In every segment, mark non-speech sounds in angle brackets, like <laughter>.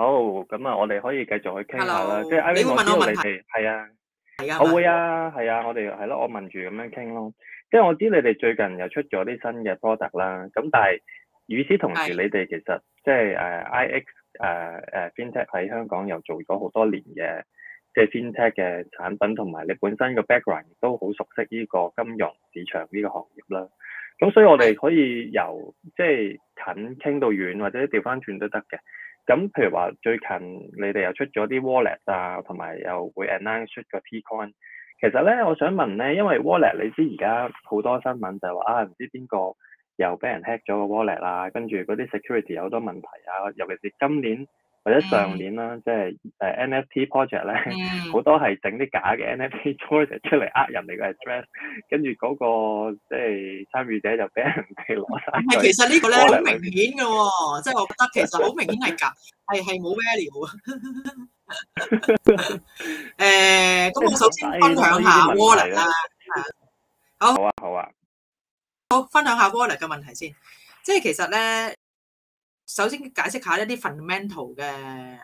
好，咁啊，我哋可以繼續去傾下啦。Hello, 即係 Ivan 我知道你哋，我哋係啊，好會啊，係啊，我哋係咯，我問住咁樣傾咯。即係我知你哋最近又出咗啲新嘅 product 啦。咁但係與此同時，你哋其實即係誒，IX 誒誒，FinTech 喺香港又做咗好多年嘅即係 FinTech 嘅產品，同埋你本身個 background 都好熟悉呢個金融市場呢個行業啦。咁所以我哋可以由即係近傾到遠，或者調翻轉都得嘅。咁譬如話最近你哋又出咗啲 wallet 啊，同埋又會 announce 出個 TeaCoin。其實咧，我想問咧，因為 wallet 你知而家好多新聞就係話啊，唔知邊個又俾人 hack 咗個 wallet 啊，跟住嗰啲 security 有好多問題啊，尤其是今年。或者上年啦，即係誒 NFT project 咧，好多係整啲假嘅 NFT project 出嚟呃人哋嘅 address，跟住嗰個即係參與者就俾人哋攞曬。係，其實呢個咧好明顯嘅喎，即係我覺得其實好明顯係假，係係冇 value 嘅。誒，咁我首先分享下 Wallet 啊，好啊好啊，好分享下 Wallet 嘅問題先，即係其實咧。首先解釋一下一啲 fundamental 嘅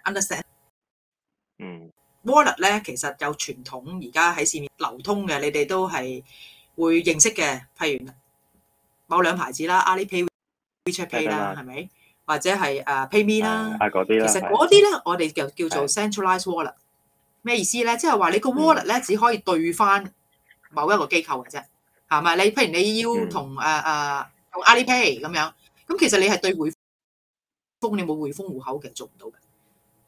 understand，嗯，wallet 咧其實有傳統而家喺市面流通嘅，你哋都係會認識嘅。譬如某兩牌子啦，AliPay、WeChat Pay 啦，係咪？或者係誒 PayMe 啦、啊，啊嗰啲其實嗰啲咧，我哋就叫做 centralized wallet。咩意思咧？即係話你個 wallet 咧、嗯、只可以兌翻某一個機構嘅啫，係咪？你譬如你要同誒誒用 AliPay 咁樣，咁其實你係兌回。你冇匯豐戶口其實做唔到嘅，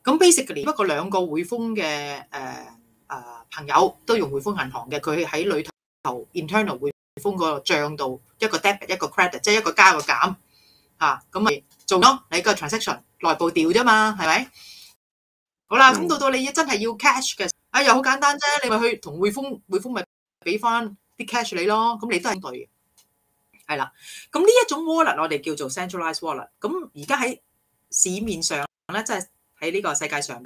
咁 basically 不過兩個匯豐嘅誒誒朋友都用匯豐銀行嘅，佢喺裏頭 internal 匯豐的個帳度一個 debit 一個 credit，即係一個加一個減吓咁咪、啊、做咯，你個 transaction 內部掉啫嘛，係咪？好啦，咁到到你要真係要 cash 嘅，啊又好簡單啫，你咪去同匯豐匯豐咪俾翻啲 cash 你咯，咁你都係對嘅，係啦。咁呢一種 wallet 我哋叫做 centralized wallet，咁而家喺市面上咧，即係喺呢個世界上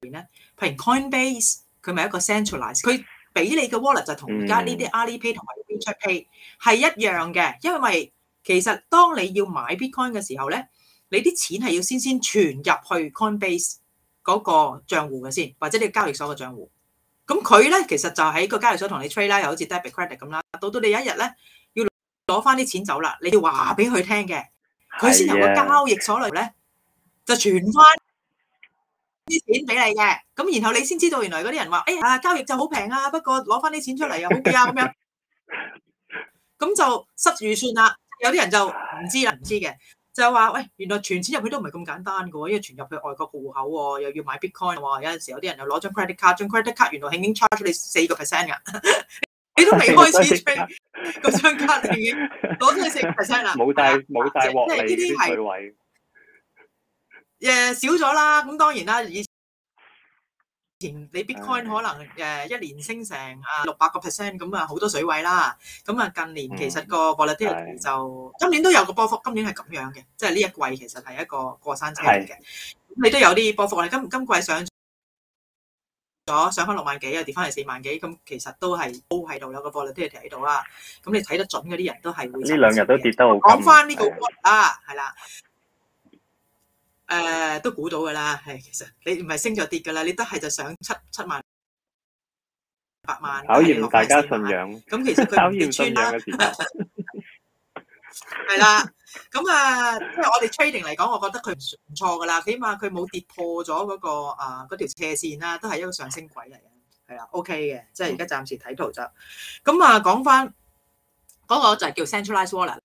面咧，譬如 Coinbase，佢咪一個 centralized，佢俾你嘅 wallet 就同而家呢啲 Alipay 同埋 b h p a y 係一樣嘅，因為其實當你要買 Bitcoin 嘅時候咧，你啲錢係要先先存入去 Coinbase 嗰個賬戶嘅先，或者你個交易所嘅賬戶。咁佢咧其實就喺個交易所同你 trade 啦，又好似 Debit Credit 咁啦。到到你有一日咧要攞翻啲錢走啦，你要話俾佢聽嘅。佢先由個交易所嚟咧，就傳翻啲錢俾你嘅，咁然後你先知道原來嗰啲人話，哎呀，交易就好平啊，不過攞翻啲錢出嚟又好啲啊，咁樣，咁就失預算啦。有啲人就唔知啦，唔知嘅，就話，喂，原來存錢入去都唔係咁簡單嘅，因為存入去外國個戶口喎，又要買 Bitcoin，話有陣時有啲人又攞張 Credit Card，張 Credit Card 原來係已經 charge 咗你四個 percent 嘅。 <laughs> 你都未開始追，嗰張卡已經攞咗成四個 percent 啦。冇帶冇帶獲利水位，誒、 <laughs> yeah, 少咗啦。咁當然啦，以前你 bitcoin 可能誒一年升成啊六百個 percent 咁啊好多水位啦。咁啊近年其實個 volatility 就，嗯，今年都有個波幅，今年係咁樣嘅，即係呢一季其實係一個過山車嚟嘅。咁你都有啲波幅，你今今季上。咗上翻六萬幾啊，又跌翻嚟四萬幾，咁其實都係高喺度啦，有個波率都係喺度啊。咁你睇得準嗰啲人都係會呢兩日都跌得好。講翻呢個波啊，係啦，誒，都估到噶啦。係其實你唔係升就跌噶啦，你都係就上七七萬八萬，考驗大家信仰。咁其實佢跌穿啦。係啦，咁啊，即係我哋 trading 嚟講，我覺得佢唔錯噶啦，起碼佢冇跌破咗嗰個啊嗰條斜線啦，都係一個上升軌嚟嘅，係啦，OK 嘅，即係而家暫時睇圖就，咁啊，講翻嗰個就係叫 centralized wallet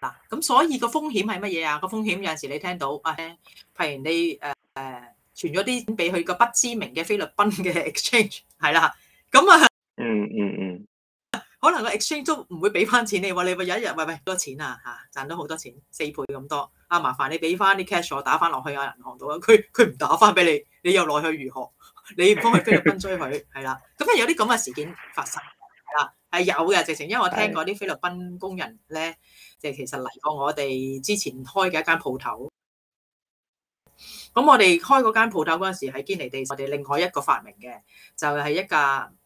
嗱，咁所以個風險係乜嘢啊？個風險有陣時你聽到，誒，譬如你誒誒傳咗啲俾佢個不知名嘅菲律賓嘅 exchange，係啦，咁啊，嗯嗯。可能個 exchange 都唔會俾翻錢你，話你話有一日，喂喂，喂，多錢啊嚇，賺到好多錢，四倍咁多，啊，麻煩你俾翻啲 cash 我打翻落去啊，銀行度啊。佢佢唔打翻俾你，你又落去如何？你幫佢菲律賓追佢，係啦，咁啊有啲咁嘅事件發生，係啦，係有嘅，直情因為我聽過啲菲律賓工人咧，就其實嚟過我哋之前開嘅一間鋪頭，咁我哋開嗰間鋪頭嗰陣時喺堅尼地，我哋另外一個發明嘅就係、是、一架。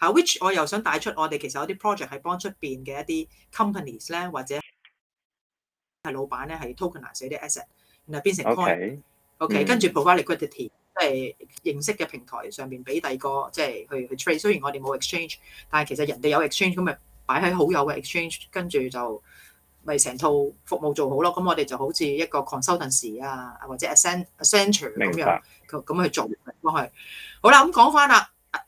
嚇，which 我又想帶出我哋其實有啲 project 係幫出邊嘅一啲 companies 咧，或者係老闆咧係 tokenize 啲 asset，然後變成 coin。OK，跟住 provide liquidity，即係認識嘅平台上面俾第二個，即係去去 trade。雖然我哋冇 exchange，但係其實人哋有 exchange，咁咪擺喺好友嘅 exchange，跟住就咪成套服務做好咯。咁我哋就好似一個 consultancy 啊，或者 cent centre 咁樣咁咁去做翻去。好啦，咁講翻啦。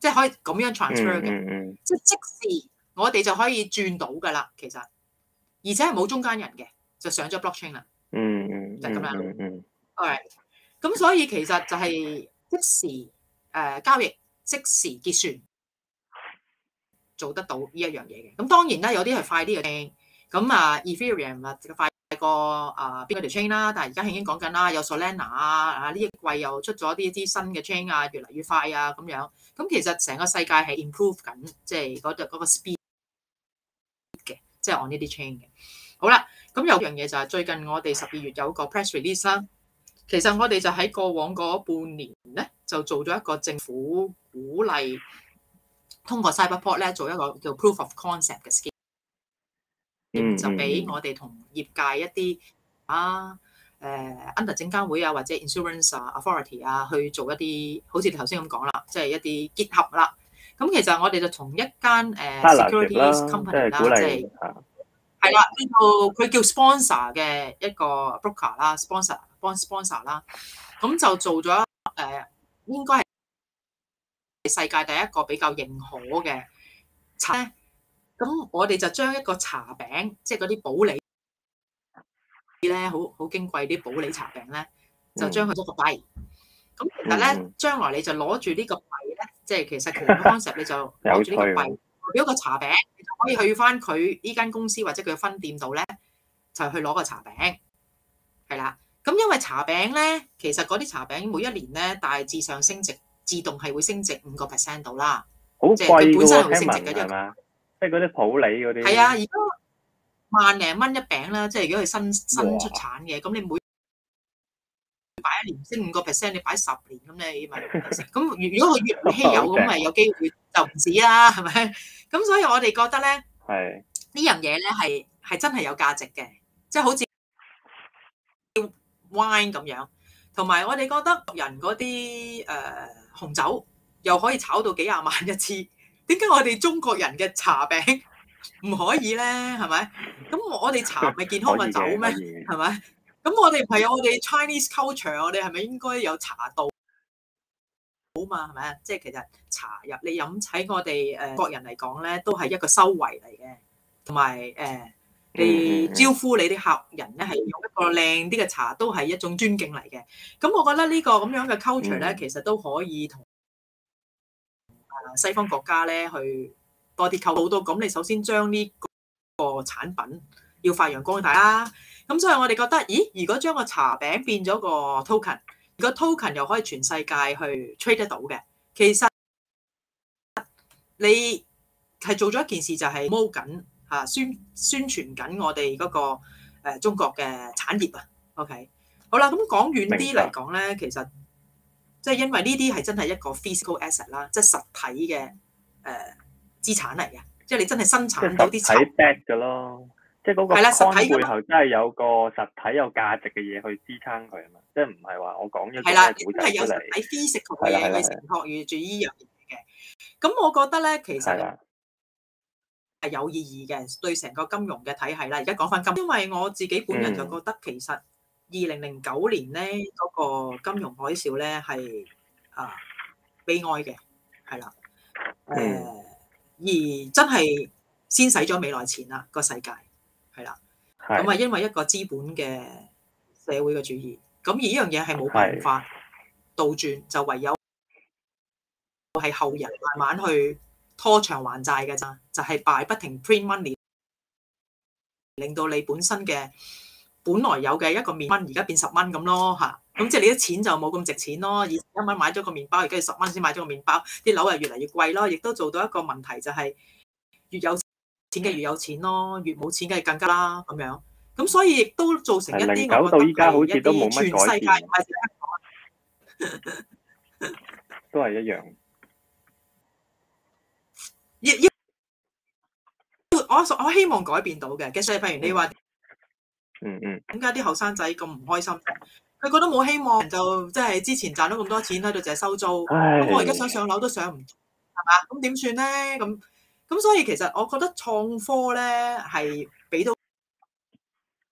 即係可以咁樣 transfer 嘅，即係即時我哋就可以轉到㗎啦。其實，而且係冇中間人嘅，就上咗 blockchain 啦。嗯。嗯嗯，就咁樣。嗯嗯。Alright，咁所以其實就係即時誒交易，即時結算，做得到呢一樣嘢嘅。咁當然啦，有啲係快啲嘅，咁啊 Ethereum 啦，快。個啊邊個條 chain 啦，但係而家係已經講緊啦，有 Solana 啊，啊呢一季又出咗啲一啲新嘅 chain 啊，越嚟越快啊咁樣，咁其實成個世界係 improve 緊，即係度個 speed 嘅，即係按呢啲 chain 嘅。好啦，咁有樣嘢就係最近我哋十二月有個 press release 啦。其實我哋就喺過往半年咧，就做咗一個政府鼓勵通過 Cyberport 咧，做一個叫 proof of concept 嘅 scheme。就俾我哋同業界一啲啊，誒，Under 證監會啊，或者 Insurance Authority 啊，去做一啲好似你頭先咁講啦，即係一啲結合啦。咁其實我哋就同一間誒，Securities Company 啦，即係鼓勵，係啦，呢個佢叫 Sponsor 嘅一個 Broker 啦，Sponsor 幫 Sponsor 啦，咁就做咗誒，應該係世界第一個比較認可嘅咁我哋就將一個茶餅，即係嗰啲普洱，啲咧好好矜貴啲普洱茶餅咧，就將佢做個幣。咁其實咧，嗯、將來你就攞住呢個幣咧，即、就、係、是、其實其實 concept 你就攞住呢個幣，如 <laughs> 果個茶餅，你就可以去翻佢呢間公司或者佢嘅分店度咧，就去攞個茶餅。係啦，咁因為茶餅咧，其實嗰啲茶餅每一年咧，大致上升值，自動係會升值五個 percent 度啦。好貴喎！聽聞係嘛？即係嗰啲普洱嗰啲，係啊！如果萬零蚊一餅啦，即係如果佢新新出產嘅，咁你每擺一年先五個 percent，你擺十年，咁你咪咁，如果佢越稀有咁咪 <laughs> 有機會就唔止啦，係咪？咁所以我哋覺得咧，係呢樣嘢咧係係真係有價值嘅，即係好似 wine 咁樣，同埋我哋覺得人嗰啲誒紅酒又可以炒到幾廿萬一支。點解我哋中國人嘅茶餅唔可以咧？係咪？咁我哋茶咪健康咪走咩？係 <laughs> 咪？咁我哋唔係有我哋 Chinese culture，我哋係咪應該有茶道好嘛？係咪？即 <noise> 係樂、就是、其實茶入你飲喺我哋誒、呃、國人嚟講咧，都係一個修為嚟嘅，同埋誒你招呼你啲客人咧，係用一個靚啲嘅茶，都係一種尊敬嚟嘅。咁我覺得這個這呢個咁樣嘅 culture 咧，其實都可以同，西方國家咧，去多啲購好多，咁你首先將呢個產品要發揚光大啦。咁所以我哋覺得，咦？如果將個茶餅變咗個 token，如果 token 又可以全世界去 trade 得到嘅，其實你係做咗一件事，就係摸緊嚇宣宣傳緊我哋嗰個中國嘅產業啊。OK，好啦，咁講遠啲嚟講咧，其實。即、就、係、是、因為呢啲係真係一個 physical asset 啦，即係實體嘅誒、呃、資產嚟嘅，即、就、係、是、你真係生產到啲產品嘅咯。即係嗰個光背後真係有個實體有價值嘅嘢去支撐佢啊嘛，即係唔係話我講咗啲咩股價出嚟。係啦，咁、就是、有實體 physical 嘅嘢承託住依樣嘢嘅。咁我覺得咧，其實係有意義嘅對成個金融嘅體系啦。而家講翻金融，因為我自己本人就覺得其實、嗯。二零零九年咧，嗰個金融海嘯咧係啊悲哀嘅，係啦，誒、嗯、而真係先使咗未來錢啦，個世界係啦，咁啊因為一個資本嘅社會嘅主義，咁而呢樣嘢係冇辦法倒轉，就唯有係後人慢慢去拖長還債嘅咋，就係、是、拜不停 print money，令到你本身嘅。本來有嘅一個面蚊，而家變十蚊咁咯嚇，咁即係你啲錢就冇咁值錢咯。以一蚊買咗個麵包，而家要十蚊先買咗個麵包，啲樓係越嚟越貴咯。亦都做到一個問題就係越有錢嘅越，越有錢咯，越冇錢嘅更加啦咁樣。咁所以亦都造成一啲，我覺得好似都冇乜改變。都係一樣。我我希望改變到嘅。其實譬如你話。嗯嗯，點解啲後生仔咁唔開心？佢覺得冇希望，就即係之前賺咗咁多錢喺度，淨係收租。咁我而家想上樓都上唔到，係嘛？咁點算咧？咁咁所以其實我覺得創科咧係俾到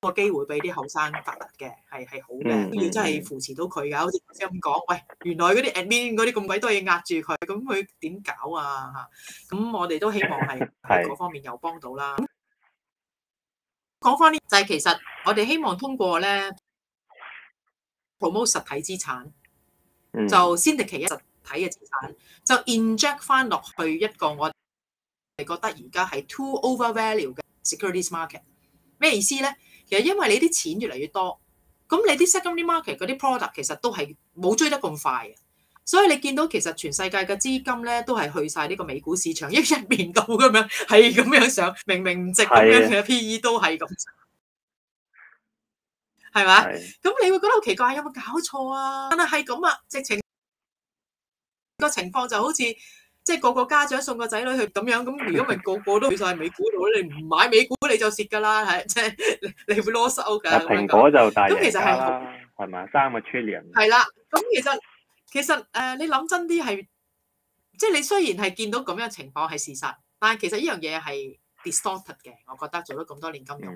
個機會俾啲後生發達嘅，係係好嘅，嗯嗯嗯。要真係扶持到佢噶，好似咁講，喂，原來嗰啲 admin 嗰啲咁鬼多嘢壓住佢，咁佢點搞啊？吓咁我哋都希望係嗰方面有幫到啦。 <laughs> 講翻呢，就係、是、其實我哋希望通過咧 promote 實體資產，就先提其一實體嘅資產，就 inject 翻落去一個我哋覺得而家係 too overvalued 嘅 securities market。咩意思咧？其實因為你啲錢越嚟越多，咁你啲 secondary market 嗰啲 product 其實都係冇追得咁快啊。所以你見到其實全世界嘅資金咧都係去晒呢個美股市場，一一面到咁樣，係咁樣上，明明唔值咁樣嘅 PE 都係咁，係咪？咁你會覺得好奇怪，有冇搞錯啊？但係係咁啊，直情個情況就好似即係個個家長送個仔女去咁樣，咁如果咪個個都去晒美股度 <laughs> 你唔買美股你就蝕㗎啦，係即係你會囉嗦㗎。蘋果就大贏家啦，係嘛？三個 trillion 係啦，咁其實。其實誒，你諗真啲係，即係你雖然係見到咁樣情況係事實，但係其實呢樣嘢係 distorted 嘅。我覺得做咗咁多年金融，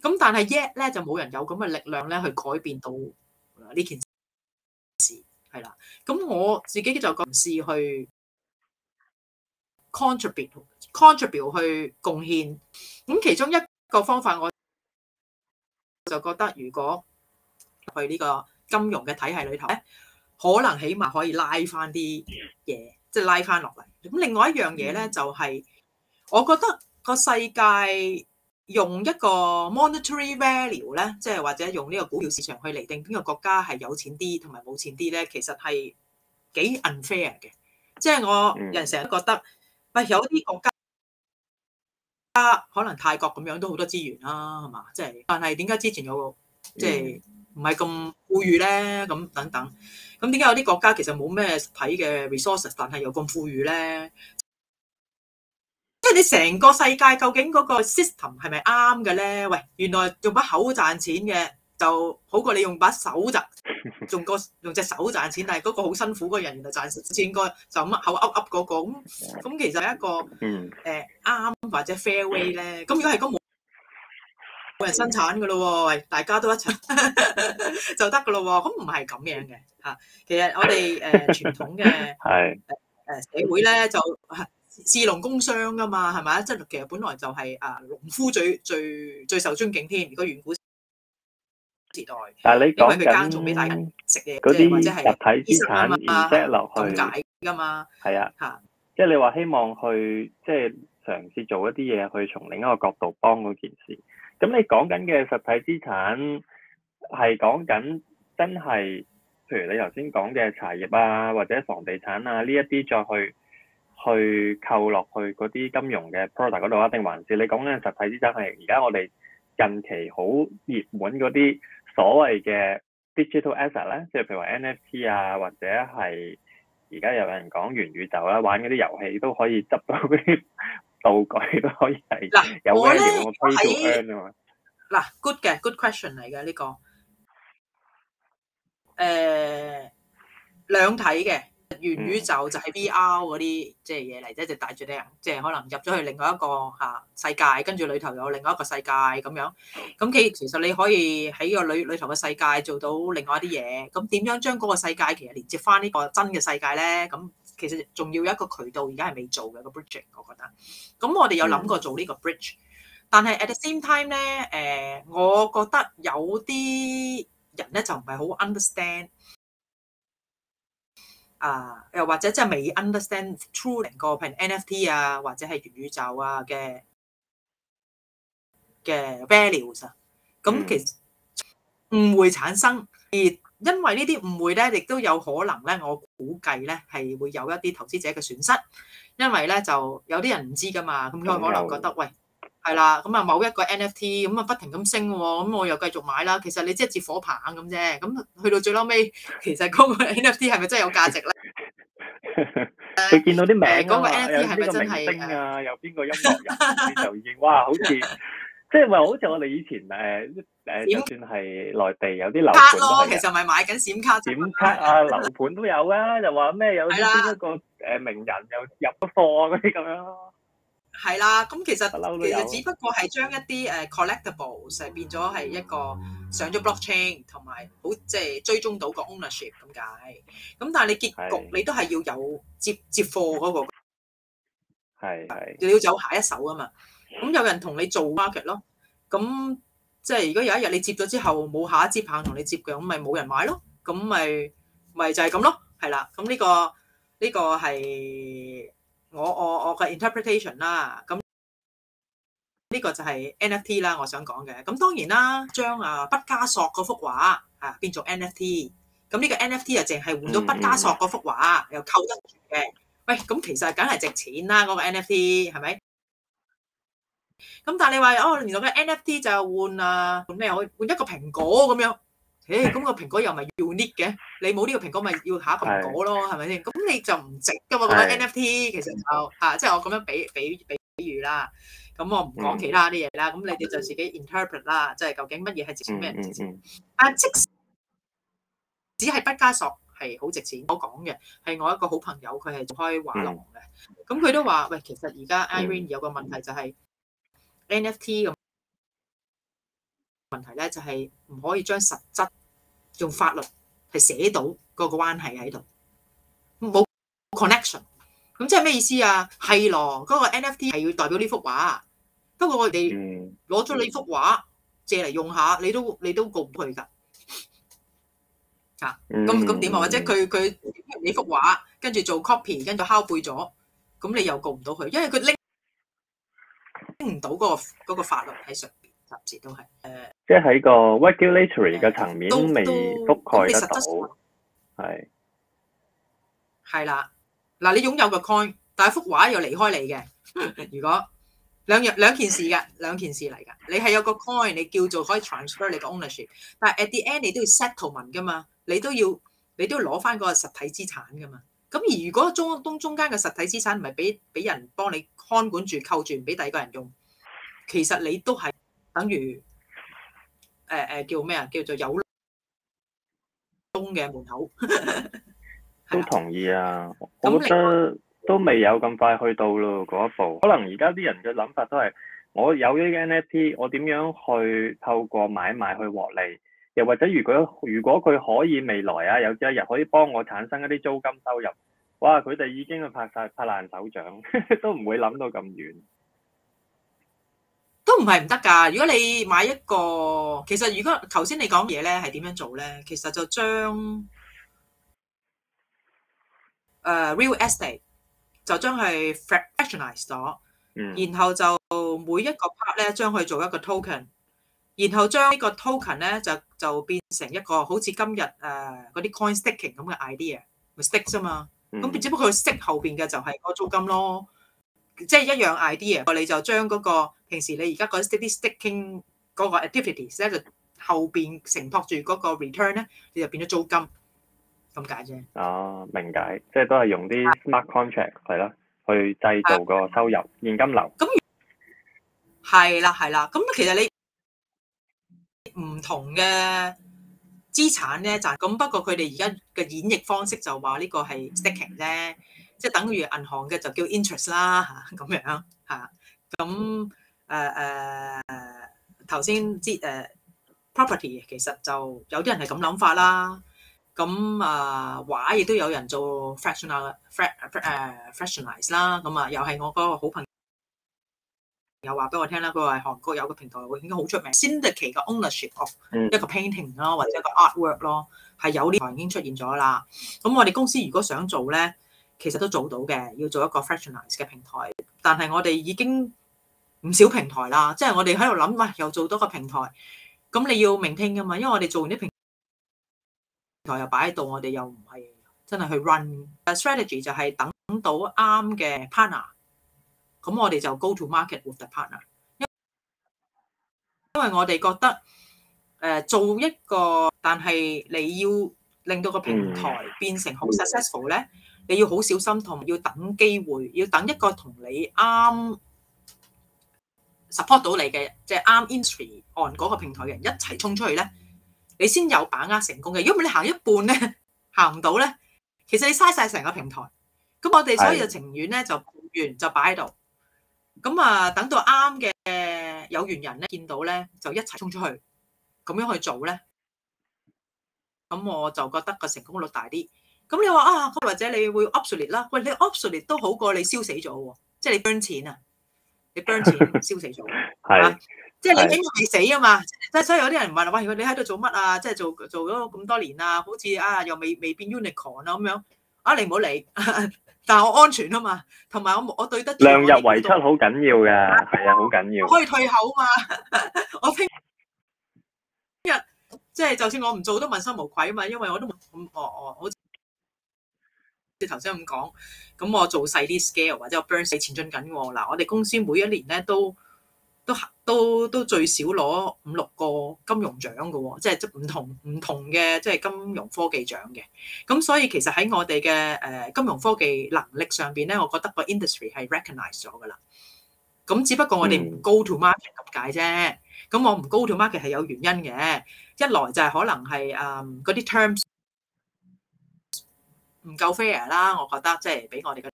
咁但係 yet 咧就冇人有咁嘅力量咧去改變到呢件事係啦。咁我自己就嘗試去 contribute，contribute 去貢獻。咁其中一個方法，我就覺得如果去呢個金融嘅體系裏頭咧。可能起碼可以拉翻啲嘢，即、yeah. 係拉翻落嚟。咁另外一樣嘢咧，就係我覺得個世界用一個 monetary value 咧，即係或者用呢個股票市場去釐定邊個國家係有錢啲同埋冇錢啲咧，其實係幾 unfair 嘅。即、就、係、是、我有人成日都覺得，喂，有啲國家可能泰國咁樣都好多資源啦，係嘛？即係，但係點解之前有個即係？就是 yeah. 唔係咁富裕咧，咁等等，咁點解有啲國家其實冇咩睇嘅 resources，但係又咁富裕咧？即係你成個世界究竟嗰個 system 係咪啱嘅咧？喂，原來用把口賺錢嘅就好過你用把手就用個用隻手賺錢，但係嗰個好辛苦嘅人原來賺錢個就咁口噏噏嗰個，咁咁其實係一個啱、呃 mm. 或者 fairway 咧，咁如果係咁冇。冇人生產噶咯，喂，大家都一齊 <laughs> 就得噶咯。咁唔係咁樣嘅吓。 <laughs> 其實我哋誒傳統嘅係誒社會咧就係士農工商噶嘛，係咪啊？即係其實本來就係啊，農夫最最最受尊敬添。如果遠古時代，但係你講緊食嘢嗰啲集體資產，入得落去解噶嘛？係啊，吓即係你話希望去即係嘗試做一啲嘢，去從另一個角度幫嗰件事。咁你講緊嘅實體資產係講緊真係，譬如你頭先講嘅茶葉啊，或者房地產啊呢一啲，再去去扣落去嗰啲金融嘅 product 嗰度啊，定還是你講緊實體資產係而家我哋近期好熱門嗰啲所謂嘅 digital asset 咧，即係譬如話 NFT 啊，或者係而家有人講元宇宙啦、啊，玩嗰啲遊戲都可以執到嗰啲？道具都可以嗱，有咩嘅我推導啊嘛。嗱，good 嘅，good question 嚟嘅呢個。誒、uh，兩體嘅元宇宙就係 VR 嗰啲即係嘢嚟啫，就是、帶住啲人即係、就是、可能入咗去另外一個嚇世界，跟住裏頭有另外一個世界咁樣。咁佢其實你可以喺個裏裏頭嘅世界做到另外一啲嘢。咁點樣將嗰個世界其實連接翻呢個真嘅世界咧？咁其實仲要有一個渠道，而家係未做嘅個 bridge，我覺得。咁我哋有諗過做呢個 bridge，但係 at the same time 咧，誒，我覺得有啲人咧就唔係好 understand，啊，又或者即係未 understand true 個譬如 NFT 啊，或者係元宇宙啊嘅嘅 values 啊，咁其實誤會產生，而因為呢啲誤會咧，亦都有可能咧，我。估計咧係會有一啲投資者嘅損失，因為咧就有啲人唔知噶嘛，咁佢可能覺得喂，係啦，咁啊某一個 NFT 咁啊不停咁升，咁我又繼續買啦。其實你即係接火棒咁啫，咁去到最撈尾，其實嗰個 NFT 係咪真係有價值咧？佢見到啲名啊，有邊個明星啊，有邊個音樂人就認，哇，好似～即係唔係好似我哋以前誒誒算係內地有啲樓盤咯，其實咪買緊閃卡。閃卡啊，樓盤都有啊，又話咩有？係啦，只不過誒名人又入咗貨啊嗰啲咁樣。係啦，咁其實其實只不過係將一啲誒 collectibles 變咗係一個上咗 blockchain 同埋好即係追蹤到個 ownership 咁解。咁但係你結局你都係要有接接貨嗰個。係。係。你要走下一手啊嘛。咁有人同你做 market 咯，咁即係如果有一日你接咗之後冇下一支棒同你接嘅，咁咪冇人買咯，咁咪咪就係咁咯，係啦，咁呢個呢個係我我我嘅 interpretation 啦，咁呢個就係 NFT 啦，我想講嘅，咁當然啦，將啊畢加索嗰幅畫啊變做 NFT，咁呢個 NFT 就淨係換到畢加索嗰幅畫又扣得嘅，喂，咁其實梗係值錢啦嗰個 NFT 係咪？咁但係你話哦，原來嘅 NFT 就換啊，換咩可以換一個蘋果咁樣？誒、欸，咁、那個蘋果又咪 unique 嘅？你冇呢個蘋果咪要下一個蘋果咯？係咪先？咁你就唔值噶嘛？得、那個、NFT 其實就吓，即係、嗯啊就是、我咁樣比比比，比喻啦。咁我唔講其他啲嘢啦。咁、嗯、你哋就自己 interpret 啦，即、就、係、是、究竟乜嘢係值錢，咩唔值錢？但即使只係畢加索係好值錢，我講嘅係我一個好朋友，佢係開畫廊嘅。咁、嗯、佢、嗯、都話喂，其實而家 Irene 有個問題就係、是。NFT 咁問題咧，就係唔可以將實質用法律係寫到個關係喺度，冇 connection。咁即係咩意思啊？係咯，嗰個 NFT 係要代表呢幅畫。不過我哋攞咗呢幅畫借嚟用下，你都你都告唔去㗎。嚇、啊？咁咁點啊？或者佢佢你幅畫跟住做 copy，跟住拷貝咗，咁你又告唔到佢，因為佢拎。聽唔到嗰個個法律喺上邊，甚至都係誒、呃，即係喺個 regulatory 嘅層面、呃、都未覆蓋得到，係係啦嗱，你擁有個 coin，但係幅畫又離開你嘅， <laughs> 如果兩樣兩件事嘅兩件事嚟噶，你係有個 coin，你叫做可以 transfer 你個 ownership，但係 at the end 你都要 settlement 噶嘛，你都要你都要攞翻嗰個實體資產噶嘛，咁而如果中中中間嘅實體資產唔係俾俾人幫你。看管住、扣住唔俾第二個人用，其實你都係等於誒誒、呃、叫咩啊？叫做有東嘅門口。 <laughs> 都同意啊！ <laughs> 啊嗯、我覺得都未有咁快去到咯嗰一步。可能而家啲人嘅諗法都係，我有呢個 NFT，我點樣去透過買賣去獲利？又或者如果如果佢可以未來啊，有朝一日可以幫我產生一啲租金收入？哇！佢哋已經係拍曬拍爛手掌，都唔會諗到咁遠，都唔係唔得噶。如果你買一個，其實如果頭先你講嘢咧係點樣做咧，其實就將誒 real estate 就將佢 fractionalize 咗，嗯，然後就每一個 part 咧將佢做一個 token，然後將呢個 token 咧就就變成一個好似今日誒嗰啲 coin staking 咁嘅 idea，stake 啫嘛～咁只不過佢息後邊嘅就係嗰租金咯，即係一樣 idea。我你就將嗰個平時你而家嗰 set 啲 sticking 嗰個 activities 咧，就後邊承託住嗰個 return 咧，你就變咗租金，咁解啫。哦，明解，即係都係用啲 smart contract 係啦，去製造個收入現金流。咁，係啦，係啦，咁其實你唔同嘅。資產咧就係咁，不過佢哋而家嘅演繹方式就話呢個係 staking 咧，即係等於銀行嘅就叫 interest 啦咁樣嚇。咁誒誒頭先 property 其實就有啲人係咁諗法啦。咁啊，畫亦都有人做 fractional fra、uh、fractionalize 啦。咁啊，又係我嗰個好朋。又話俾我聽啦，佢話韓國有個平台已經好出名 syndicate 嘅 ownership of 一個 painting 咯，或者一個 artwork 咯，係有呢台已經出現咗啦。咁我哋公司如果想做咧，其實都做到嘅，要做一個 fractional 嘅平台。但係我哋已經唔少平台啦，即係我哋喺度諗，喂，又做多個平台。咁你要明聽噶嘛？因為我哋做完啲平台又擺喺度，我哋又唔係真係去 run。The strategy 就係等到啱嘅 partner。咁我哋就 go to market with the partner，因為我哋覺得誒、呃、做一個，但係你要令到個平台變成好 successful 咧，你要好小心同要等機會，要等一個同你啱 support 到你嘅即係啱 industry 岸嗰個平台嘅人一齊衝出去咧，你先有把握成功嘅。如果唔係你行一半咧，行唔到咧，其實你嘥晒成個平台。咁我哋所以就情願咧就完就擺喺度。咁啊，等到啱嘅有緣人咧，見到咧就一齊衝出去，咁樣去做咧，咁我就覺得個成功率大啲。咁你話啊，或者你會 obsolete 啦？喂，你 obsolete 都好過你燒死咗喎，即係你 burn 錢 <laughs> 啊，即係你 burn 錢燒死咗，係啊，即係你已經係死啊嘛。即係所以有啲人話，哇，你喺度做乜啊？即係做做咗咁多年啊，好似啊又未未變 unicorn 咁樣，啊你唔好理。 <laughs> 但係我安全啊嘛，同埋我我對得住。量入為出好緊要㗎，係啊，好緊要。可以退後啊嘛，我聽日即係就算我唔做都問心無愧啊嘛，因為我都唔咁我我我好似頭先咁講，咁我做細啲 scale 或者我 burn 嘅前進緊喎。嗱，我哋公司每一年咧都。都都都最少攞五六個金融獎㗎喎，即係即係唔同唔同嘅即係金融科技獎嘅。咁所以其實喺我哋嘅誒金融科技能力上面呢，我覺得個 industry 係 recognised 咗㗎喇。咁只不過我哋唔 go to market 咁解啫。咁我唔 go to market 係有原因嘅，一來就係可能係誒嗰啲 terms 唔夠 fair 啦。我覺得即係俾我哋嘅。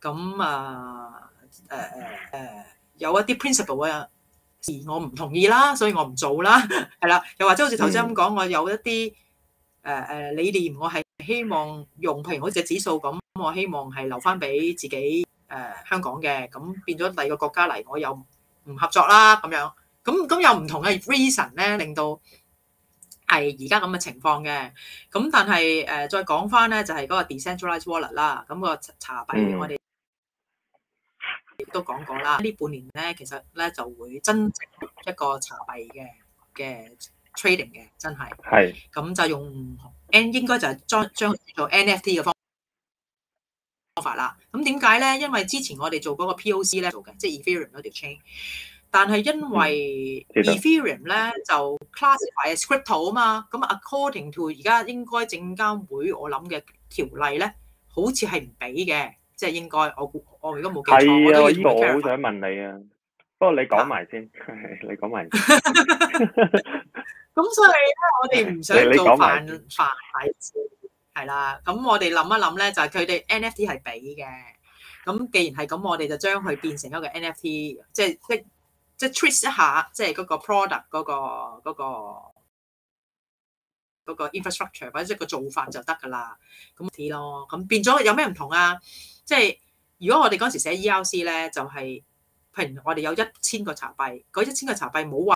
咁啊誒誒誒。有一啲 principle 嘅事，我唔同意啦，所以我唔做啦，係 <laughs> 啦。又或者好似頭先咁講，mm. 我有一啲誒誒理念，我係希望用，譬如好似隻指數咁，我希望係留翻俾自己誒、呃、香港嘅。咁變咗第二個國家嚟，我又唔合作啦咁樣。咁咁有唔同嘅 reason 咧，令到係而家咁嘅情況嘅。咁但係誒、呃，再講翻咧，就係、是、嗰個 decentralized wallet 啦，咁個茶幣俾我哋、mm.。都講過啦，呢半年咧其實咧就會真一個茶幣嘅嘅 trading 嘅，真係。係。咁就用 N 應該就係將將做 NFT 嘅方法啦。咁點解咧？因為之前我哋做嗰個 POC 咧做嘅，即、就、係、是、Ethereum 嗰條 chain。但係因為 Ethereum 咧、嗯、就 classify as crypto 啊嘛，咁 according to 而家應該證監會我諗嘅條例咧，好似係唔俾嘅。即係應該，我估我如果冇記錯，我依個好想問你啊，啊。不過你講埋先，你講埋。咁所以咧、 <laughs> 就是，我哋唔想做犯法牌子係啦。咁我哋諗一諗咧，就係佢哋 NFT 係俾嘅。咁既然係咁，我哋就將佢變成一個 NFT，即係即即 trace 一下，即係嗰個 product 嗰個嗰個嗰個 infrastructure 或者即係個做法就得㗎啦。咁咯，咁變咗有咩唔同啊？即係如果我哋嗰時寫 ERC 咧，就係、是、譬如我哋有一千個茶幣，嗰一千個茶幣冇話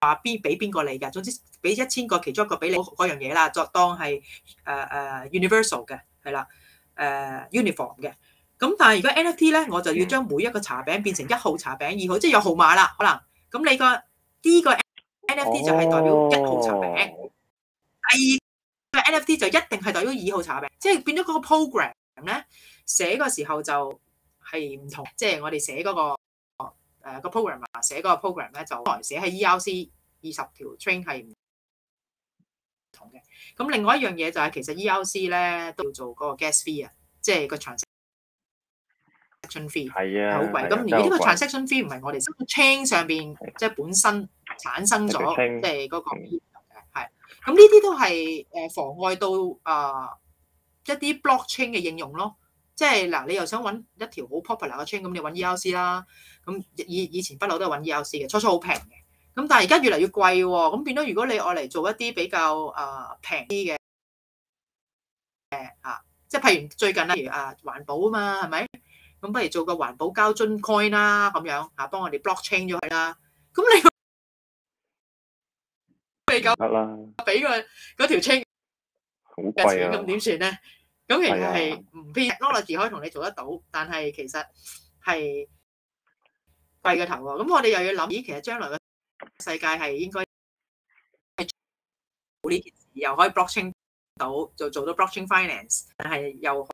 話邊俾邊個你㗎，總之俾一千個其中一個俾你嗰樣嘢啦，作當係誒誒 universal 嘅，係啦，誒、uh, uniform 嘅。咁但係如果 NFT 咧，我就要將每一個茶餅變成一號茶餅、二號，即、就、係、是、有號碼啦，可能咁你個呢個 NFT 就係代表一號茶餅，哦、第二、這個、NFT 就一定係代表二號茶餅，即、就、係、是、變咗嗰個 program。咁咧寫嗰時候就係唔同，即係我哋寫嗰個誒個 program 啊，寫嗰個 program 咧就寫喺 ERC 二十條 train 係唔同嘅。咁另外一樣嘢就係其實 ERC 咧都叫做個 gas fee 啊，即係個 transaction fee 係啊，好貴。咁如果呢個 transaction fee 唔係我哋 train 上邊，即係本身產生咗，即係嗰個係。咁呢啲都係誒妨礙到啊。一啲 blockchain 嘅應用咯，即係嗱，你又想揾一條好 popular 嘅 chain，咁你揾 ERC 啦。咁以以前不嬲都係揾 ERC 嘅，初初好平嘅。咁但係而家越嚟越貴喎。咁變咗，如果你愛嚟做一啲比較啊平啲嘅誒啊，即係譬如最近例如啊環保啊嘛，係咪？咁不如做個環保膠樽 coin 啦，咁樣嚇、啊、幫我哋 blockchain 咗佢啦。咁你你咁得啦，俾個嗰條 chain 好貴啊，咁點算咧？咁其實係唔變咯，technology 可以同你做得到，但係其實係貴個頭喎。咁我哋又要諗，咦？其實將來嘅世界係應該做呢件事，又可以 blockchain 到就做到 blockchain finance，但係又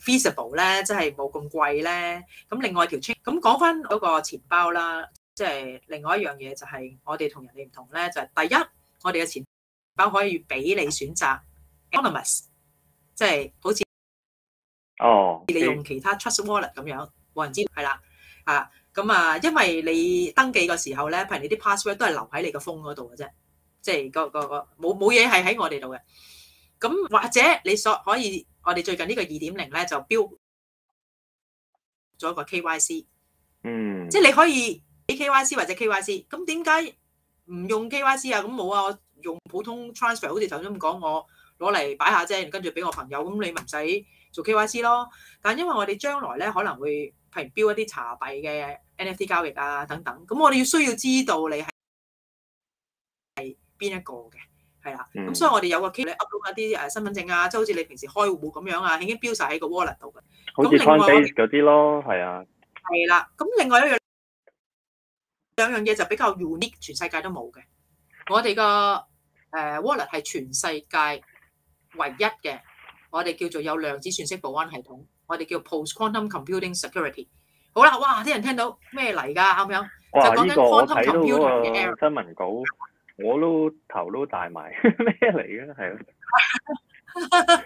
feasible 咧，即係冇咁貴咧。咁另外條 chain，咁講翻嗰個錢包啦，即係另外一樣嘢就係我哋同人哋唔同咧，就係第一，我哋嘅錢包可以俾你選擇。anonymous 即係好似哦，你用其他 trust wallet 咁樣，冇、oh, okay. 人知係啦嚇咁啊。因為你登記嘅時候咧，譬如你啲 password 都係留喺你個 phone 嗰度嘅啫，即係個個個冇冇嘢係喺我哋度嘅。咁或者你所可以我哋最近呢個二點零咧就標咗個 KYC，嗯，即係你可以俾 KYC 或者 KYC 咁點解唔用 KYC 啊？咁冇啊，我用普通 transfer 好似頭先咁講我。攞嚟擺下啫，跟住俾我朋友，咁你咪唔使做 KYC 咯。但因為我哋將來咧可能會譬如標一啲茶幣嘅 NFT 交易啊等等，咁我哋要需要知道你係係邊一個嘅，係啦。咁所以我哋有個 key，你 upload 一啲誒身份證啊，即係好似你平時開戶咁樣啊，已經標曬喺個 wallet 度嘅。好似康迪嗰啲咯，係啊。係啦，咁另外一樣兩樣嘢就比較 unique，全世界都冇嘅。我哋個 wallet 係全世界。唯一嘅，我哋叫做有量子信息保安系統，我哋叫 Post-Quantum Computing Security。好啦，哇！啲人聽到咩嚟㗎？啱唔啱？就講緊 Quantum Computing 嘅新聞稿，我都頭都大埋，咩嚟嘅？係咯，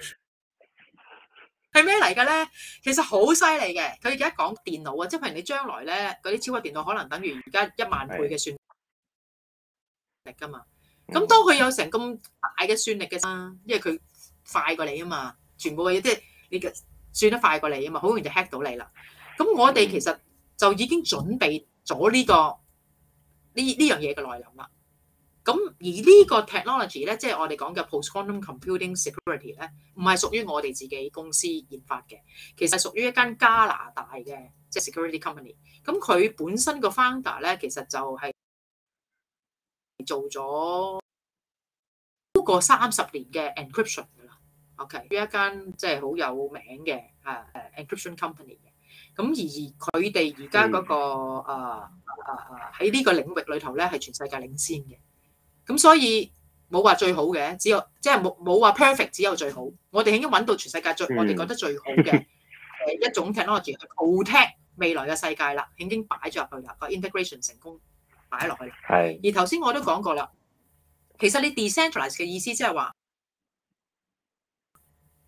係咩嚟㗎咧？其實好犀利嘅，佢而家講電腦啊，即係譬如你將來咧，嗰啲超級電腦可能等於而家一萬倍嘅算力㗎嘛。咁當佢有成咁大嘅算力嘅啦，因為佢。快，快過你啊嘛！全部嘅嘢即係你嘅算得快過你啊嘛，好容易就 hack 到你啦。咁我哋其實就已經準備咗呢、這個呢呢樣嘢嘅內容啦。咁而呢個 technology 咧，即、就、係、是、我哋講嘅 post quantum computing security 咧，唔係屬於我哋自己公司研發嘅，其實屬於一間加拿大嘅即係 security company。咁佢本身個 founder 咧，其實就係做咗超過三十年嘅 encryption。OK，呢一間即係好有名嘅，係、uh, Encryption Company 嘅。咁而佢哋而家嗰個誒誒喺呢個領域裏頭咧，係全世界領先嘅。咁所以冇話最好嘅，只有即係冇冇話 perfect，只有最好。我哋已經揾到全世界最，mm -hmm. 我哋覺得最好嘅誒一種 technology t o 去保護未來嘅世界啦，已經擺咗入去啦，個 integration 成功擺落去啦。係。 <laughs> 而頭先我都講過啦，其實你 decentralize 嘅意思即係話。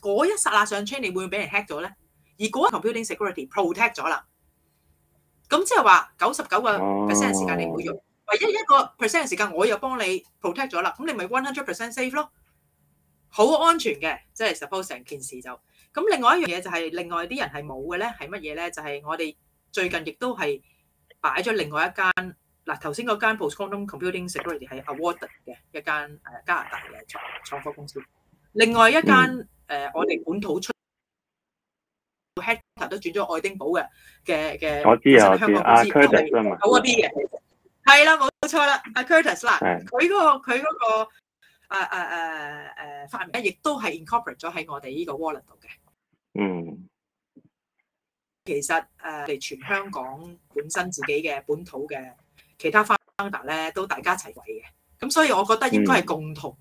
嗰一剎那上 chain，你會唔會俾人 hack 咗咧？而嗰個 computing security protect 咗啦。咁即係話九十九個 percent 時間你冇用，唯一一個 percent 時間我又幫你 protect 咗啦。咁你咪 one hundred percent safe 咯，好安全嘅。即係 suppose 成件事就咁。另外一樣嘢就係另外啲人係冇嘅咧，係乜嘢咧？就係我哋最近亦都係擺咗另外一間嗱頭先嗰間 post-quantum computing security 係 awarded 嘅一間誒加拿大嘅創創科公司，另外一間。誒，我哋本土出 head 都轉咗愛丁堡嘅嘅嘅，我知啊，我知啊，好嗰啲嘅，係啦，冇錯啦，阿 Curtis、啊啊、Curtis 啦，佢嗰、嗰個佢嗰、嗰個誒誒誒誒發明咧，亦都係 incorporate 咗喺我哋呢個 Wallen 度嘅。嗯，其實誒、啊，我哋全香港本身自己嘅本土嘅其他 founder 咧，都大家一齊攰嘅，咁所以我覺得應該係共同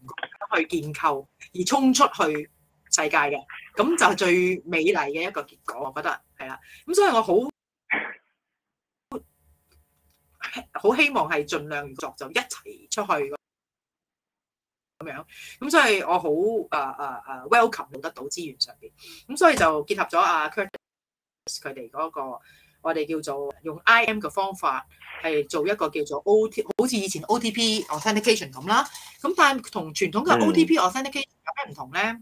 去建構而衝出去。世界嘅咁就最美麗嘅一個結果，我覺得係啦。咁所以我好好希望係盡量，如作就一齊出去咁樣。咁所以我好、uh, uh, welcome 到得到資源上邊。咁所以就結合咗阿 Curtis 佢哋嗰、嗰個，我哋叫做用 I M 嘅方法係做一個叫做 O T，好似以前 O T P Authentication 咁啦。咁但係同傳統嘅 O T P Authentication 有咩唔同咧？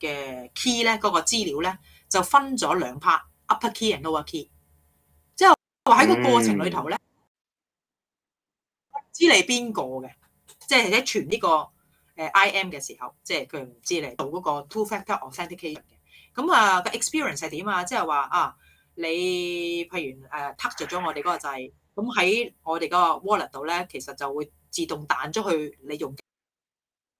嘅 key 咧，嗰個資料咧就分咗兩 part，upper key and lower key。之後話喺個過程裏頭咧，mm. 知你邊個嘅，即係喺傳呢個誒 IM 嘅時候，即係佢唔知你做嗰個 two-factor authentication。咁啊，個 experience 係點啊？即係話啊，你譬如誒 touch 咗我哋個掣，咁喺我哋個 wallet 度咧，其實就會自動彈咗去你用。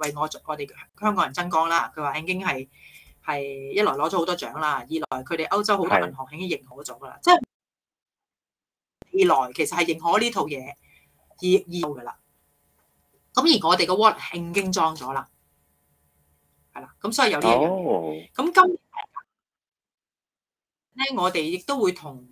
為我我哋香港人增光啦！佢話已經係係一來攞咗好多獎啦，二來佢哋歐洲好多銀行已經認可咗噶啦，即係二來其實係認可呢套嘢而而嘅啦。咁而我哋個 Wallet 已經裝咗啦，係啦。咁所以有呢嘢。咁今呢，我哋亦都會同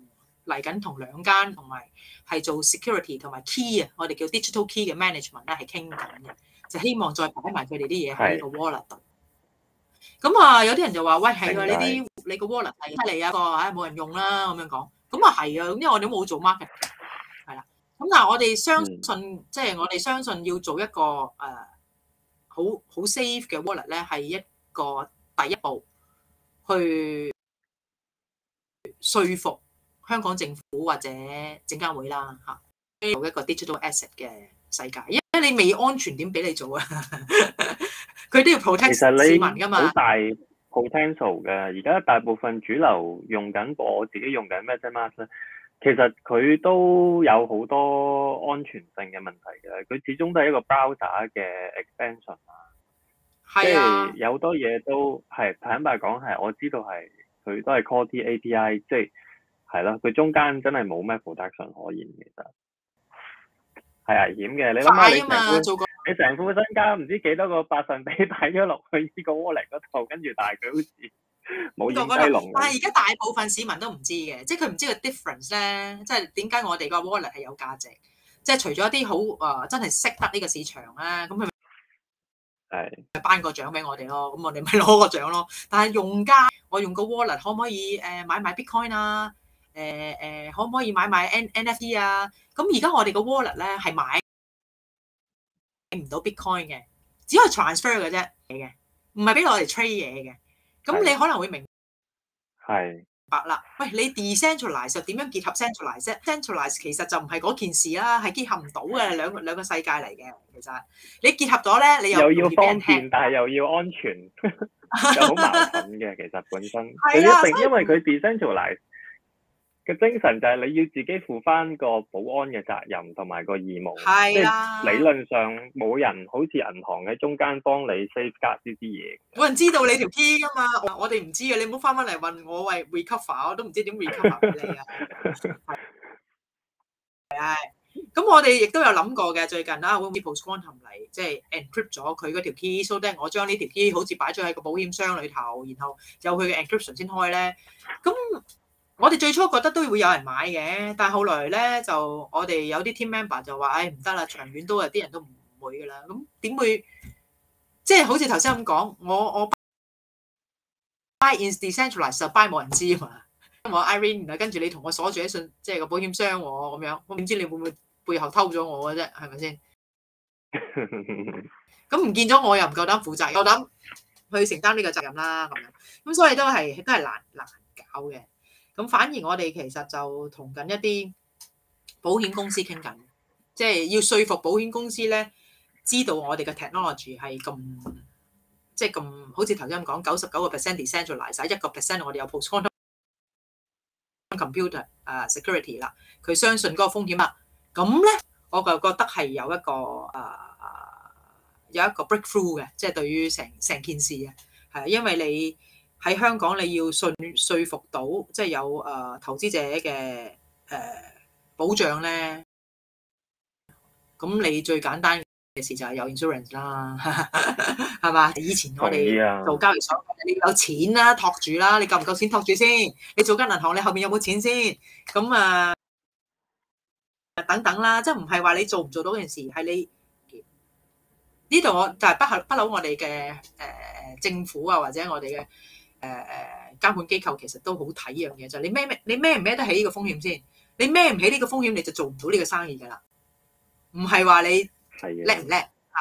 嚟緊同兩間同埋係做 security 同埋 key 啊，我哋叫 digital key 嘅 management 咧係傾緊嘅。就希望再擺埋佢哋啲嘢喺呢個 wallet 度。咁啊，有啲人就話、啊：喂，係啊，呢啲你 wallet 係個 wallet 係得嚟啊個，唉，冇人用啦。咁樣講，咁啊係啊，因為我哋冇做 market，係啦。咁但係我哋相信，即係我哋相信要做一個誒好好 safe 嘅 wallet 咧，係一個第一步去説服香港政府或者證監會啦嚇，做一個 digital asset 嘅。世界，因為你未安全點俾你做啊！佢 <laughs> 都要 protect 市民噶嘛。其實你好大 potential 嘅，而家大部分主流用緊，我自己用緊 MetaMask，其實佢都有好多安全性嘅問題嘅。佢始終都係一個 browser 嘅 expansion 啊，即係有好多嘢都係坦白講係，我知道係佢都係 call 啲 API，即係係咯，佢中間真係冇咩 protection 可言，其實。係危險嘅、啊，你諗下你成副，你成副身家唔知幾多個百分比，擺咗落去呢個 wallet 嗰度，跟住但係佢好似冇但係而家大部分市民都唔知嘅，即係佢唔知道個 difference 咧，即係點解我哋個 wallet 係有價值？即係除咗一啲好誒，真係識得呢個市場咧，咁佢咪？係。頒個獎俾我哋咯，咁我哋咪攞個獎咯。但係用家，我用個 wallet 可唔可以誒、呃、買買 Bitcoin 啊？誒、呃、誒、呃，可唔可以買買 N NFT 啊？咁而家我哋個 wallet 咧係買唔到 Bitcoin 嘅，只可以 transfer 嘅啫，嘅唔係俾我哋 trade 嘢嘅。咁你可能會明係白啦。喂，你 decentralized 點樣結合 centralized？centralized 其實就唔係嗰件事啦，係結合唔到嘅，兩個兩個世界嚟嘅其實。你結合咗咧，你又有又要方便，但係又要安全，又好矛盾嘅。其實本身你 <laughs> 一定因為佢 decentralized 個精神就係你要自己負翻個保安嘅責任同埋個義務，啊、即係理論上冇人好似銀行喺中間幫你 safe guard 呢啲嘢。冇人知道你條 key 㗎嘛？我哋唔知啊，你唔好翻返嚟問我喂 recover，我都唔知點 recover 俾你啊。係、 <laughs> 啊，咁我哋亦都有諗過嘅最近啦，Wikipedia 光合嚟即係 encrypt 咗佢嗰條 key，so that 我將呢條 key 好似擺咗喺個保險箱裏頭，然後有佢嘅 encryption 先開咧。咁我哋最初覺得都會有人買嘅，但係後來咧就我哋有啲 team member 就話：，誒唔得啦，長遠都係啲人都唔會噶啦。咁點會？即係好似頭先咁講，我我 buy is decentralized，buy 冇人知啊嘛。我，我 Irene 跟住你同我鎖住喺信，即係個保險箱喎咁樣，我點知你會唔會背後偷咗我嘅啫？係咪先？咁唔見咗我又唔夠膽負責我諗去承擔呢個責任啦。咁樣咁所以都係都係難難搞嘅。咁反而我哋其實就同緊一啲保險公司傾緊，即係要説服保險公司咧，知道我哋嘅 technology 係咁，即係咁好似頭先咁講，九十九個 percent decentralize 晒，一個 percent 我哋有 post on computer 啊 security 啦，佢相信嗰個風險啊，咁咧我就覺得係有一個啊有一個 breakthrough 嘅，即係對於成成件事啊，係啊因為你。喺香港，你要信説服到即係、就是、有誒、啊、投資者嘅誒、啊、保障咧。咁你最簡單嘅事就係有 insurance 啦，係 <laughs> 嘛？以前我哋做交易所，你有錢啦、啊，托住啦、啊，你夠唔夠錢托住先、啊？你做間銀行，你後面有冇錢先、啊？咁啊等等啦，即係唔係話你做唔做到件事係你呢度？我就係、是、不後不嬲我哋嘅誒政府啊，或者我哋嘅。誒誒，監管機構其實都好睇呢樣嘢，就係你孭孭你孭唔孭得起呢個風險先？你孭唔起呢個風險，你就做唔到呢個生意噶啦，唔係話你係叻唔叻吓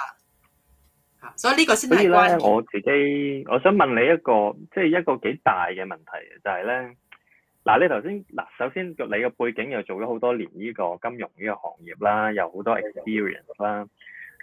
吓，所以呢個先係。所以咧，我自己我想問你一個即係一個幾大嘅問題，就係咧嗱，你頭先嗱，首先個你個背景又做咗好多年呢個金融呢個行業啦，有好多 experience 啦。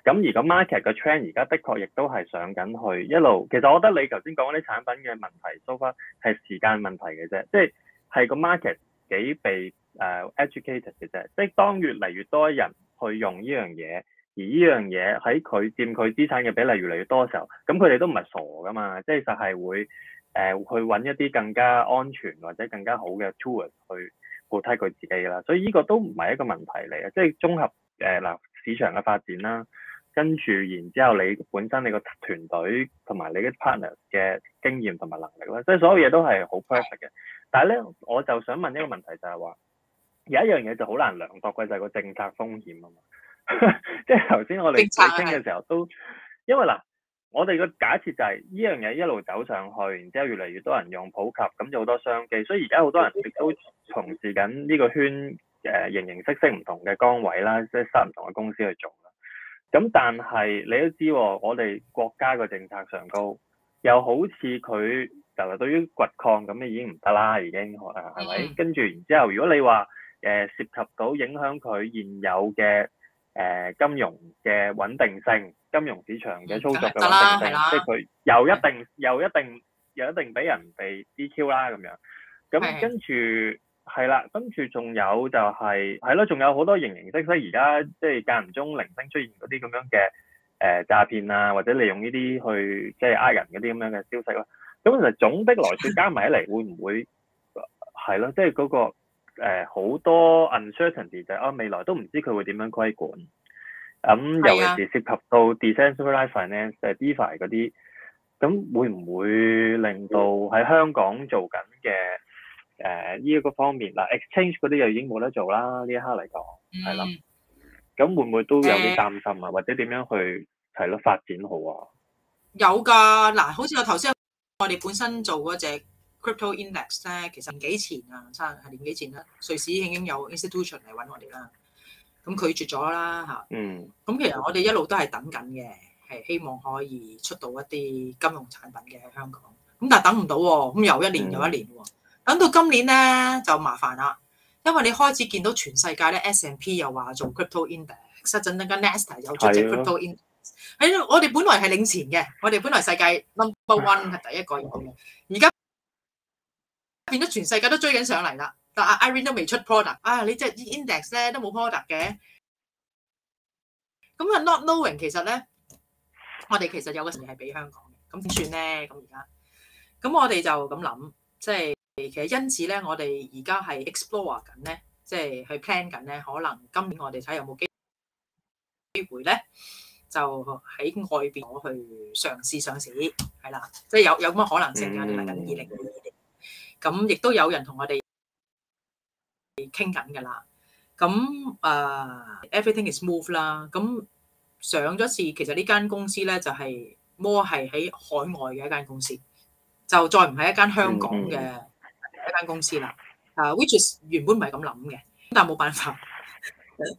咁而個 market 嘅 trend 而家的確亦都係上緊去一路。其實我覺得你頭先講嗰啲產品嘅問題，so far 係時間問題嘅啫，即係係個 market 幾被 educated 嘅啫，即係當越嚟越多人去用呢樣嘢，而呢樣嘢喺佢佔佢資產嘅比例越嚟越多嘅時候，咁佢哋都唔係傻噶嘛，即係就係會誒去揾一啲更加安全或者更加好嘅 tools 去 protect 佢自己啦，所以呢個都唔係一個問題嚟嘅，即係綜合誒嗱市場嘅發展啦。跟住，然之後你本身你個團隊同埋你啲 partner 嘅經驗同埋能力啦，所以所有嘢都係好 perfect 嘅。但係咧，我就想問一個問題就，就係話有一樣嘢就好難量度嘅，就係、是、個政策風險啊嘛。即係頭先我哋最清嘅時候都，因為嗱，我哋個假設就係呢樣嘢一路走上去，然之後越嚟越多人用普及，咁就好多商機。所以而家好多人亦都從事緊呢個圈、呃、形形色色唔同嘅崗位啦，即係喺唔同嘅公司去做。咁但係你都知喎，我哋國家個政策上高，又好似佢就係對於掘礦咁，已經唔得啦，已經係咪？跟住、mm -hmm. 然之後，如果你話誒涉及到影響佢現有嘅誒、呃、金融嘅穩定性、金融市場嘅操作嘅穩定性，mm -hmm. 即係佢又一定、mm -hmm. 又一定又一定俾人哋 DQ 啦咁樣，咁、mm -hmm. 跟住。係啦，跟住仲有就係係咯，仲有好多形形色色，而家即係間唔中零星出現嗰啲咁樣嘅誒、呃、詐騙啊，或者利用呢啲去即係呃人嗰啲咁樣嘅消息啦、啊、咁其實總的來說加埋一嚟，會唔會係咯？即係嗰個好、呃、多 uncertainty 就係、是、啊未來都唔知佢會點樣規管。咁、嗯、尤其是涉及到 decentralised、mm -hmm. finance 誒 DeFi 嗰啲，咁會唔會令到喺香港做緊嘅？誒呢一個方面嗱，exchange 嗰啲又已經冇得做啦。呢一刻嚟講，係、嗯、啦，咁會唔會都有啲擔心啊？呃、或者點樣去係咯發展好啊？有㗎嗱，好似我頭先，我哋本身做嗰隻 crypto index 咧，其實年幾前啊，差唔多年幾前啦，瑞士已經有 institution 嚟揾我哋啦，咁拒絕咗啦嚇。嗯，咁其實我哋一路都係等緊嘅，係希望可以出到一啲金融產品嘅喺香港，咁但係等唔到喎，咁又一年又、嗯、一年喎。等到今年咧就麻煩啦，因為你開始見到全世界咧 S&P 又話做 crypto index，失陣陣間 Nesta 又出隻 crypto index。喺我哋本來係領前嘅，我哋本來世界 number one 係第一個人。而家變咗全世界都追緊上嚟啦。但阿 Irene 都未出 product 啊、哎，你隻 index 咧都冇 product 嘅咁啊。Not knowing 其實咧，我哋其實有個時係俾香港嘅，咁點算咧？咁而家咁我哋就咁諗，即係其實因此咧，我哋而家係 explore 緊咧，即係去 plan 緊咧。可能今年我哋睇有冇機機會咧，就喺外邊我去嘗試上市係啦，即係有有咁嘅可能性。我哋嚟緊二零二二年，咁亦都有人同我哋傾緊噶啦。咁啊，everything is smooth 啦。咁上咗市，其實呢間公司咧就係摩係喺海外嘅一間公司，就再唔係一間香港嘅。間公司啦，啊，which is 原本唔係咁諗嘅，但係冇辦法，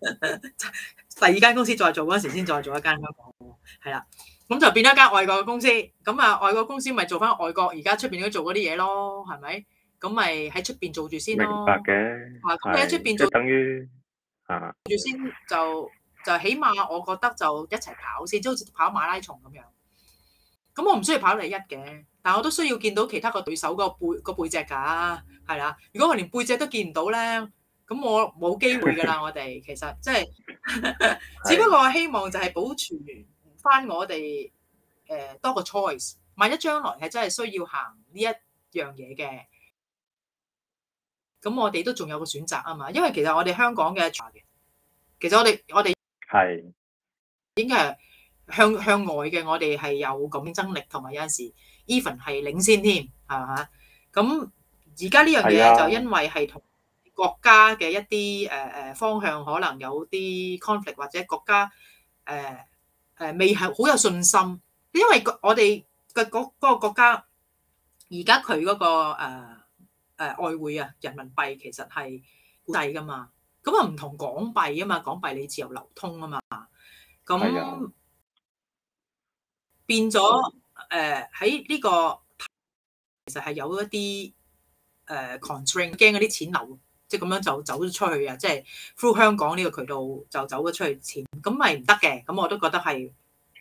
<laughs> 第二間公司再做嗰陣時，先再做一間香港，係啦，咁就變咗一間外國嘅公司，咁啊外，外國公司咪做翻外國而家出邊嗰做嗰啲嘢咯，係咪？咁咪喺出邊做住先咯，明白嘅，啊，咁喺出邊做，就是，等於啊，住先就就起碼我覺得就一齊跑先，即好似跑馬拉松咁樣。咁我唔需要跑第一嘅，但我都需要見到其他個對手個背個背脊㗎，係啦。如果我連背脊都見唔到咧，咁我冇機會㗎啦。我哋其實即係，只不過我希望就係保存翻我哋誒多個 choice。萬一將來係真係需要行呢一樣嘢嘅，咁我哋都仲有個選擇啊嘛。因為其實我哋香港嘅，其實我哋我哋係應該係。向向外嘅，我哋係有競爭力，同埋有陣時 even 係領先添，係咪？咁而家呢樣嘢就因為係同國家嘅一啲誒誒方向可能有啲 conflict，或者國家誒誒、呃、未係好有信心，因為我哋嘅嗰嗰個國家而家佢嗰個誒外匯啊，人民幣其實係估計㗎嘛，咁啊唔同港幣啊嘛，港幣你自由流通啊嘛，咁。是變咗誒喺呢個其實係有一啲誒 constraint，驚嗰啲錢流即係咁樣就走咗出去啊！即係 through 香港呢個渠道就走咗出去錢，咁咪唔得嘅。咁我都覺得係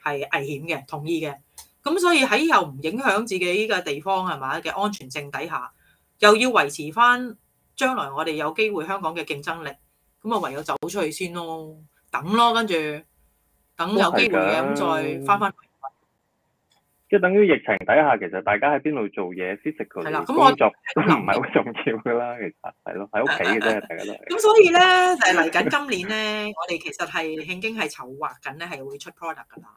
係危險嘅，同意嘅。咁所以喺又唔影響自己嘅地方係嘛嘅安全性底下，又要維持翻將來我哋有機會香港嘅競爭力，咁啊唯有走出去先咯，等咯，跟住等有機會嘅咁再翻翻。即係等於疫情底下，其實大家喺邊度做嘢，physical 我工作都唔係好重要噶啦。 <laughs> 其實係咯，喺屋企嘅啫，大家都。咁所以咧，就嚟緊今年咧， <laughs> 我哋其實係慶京係籌劃緊咧，係會出 product 噶啦。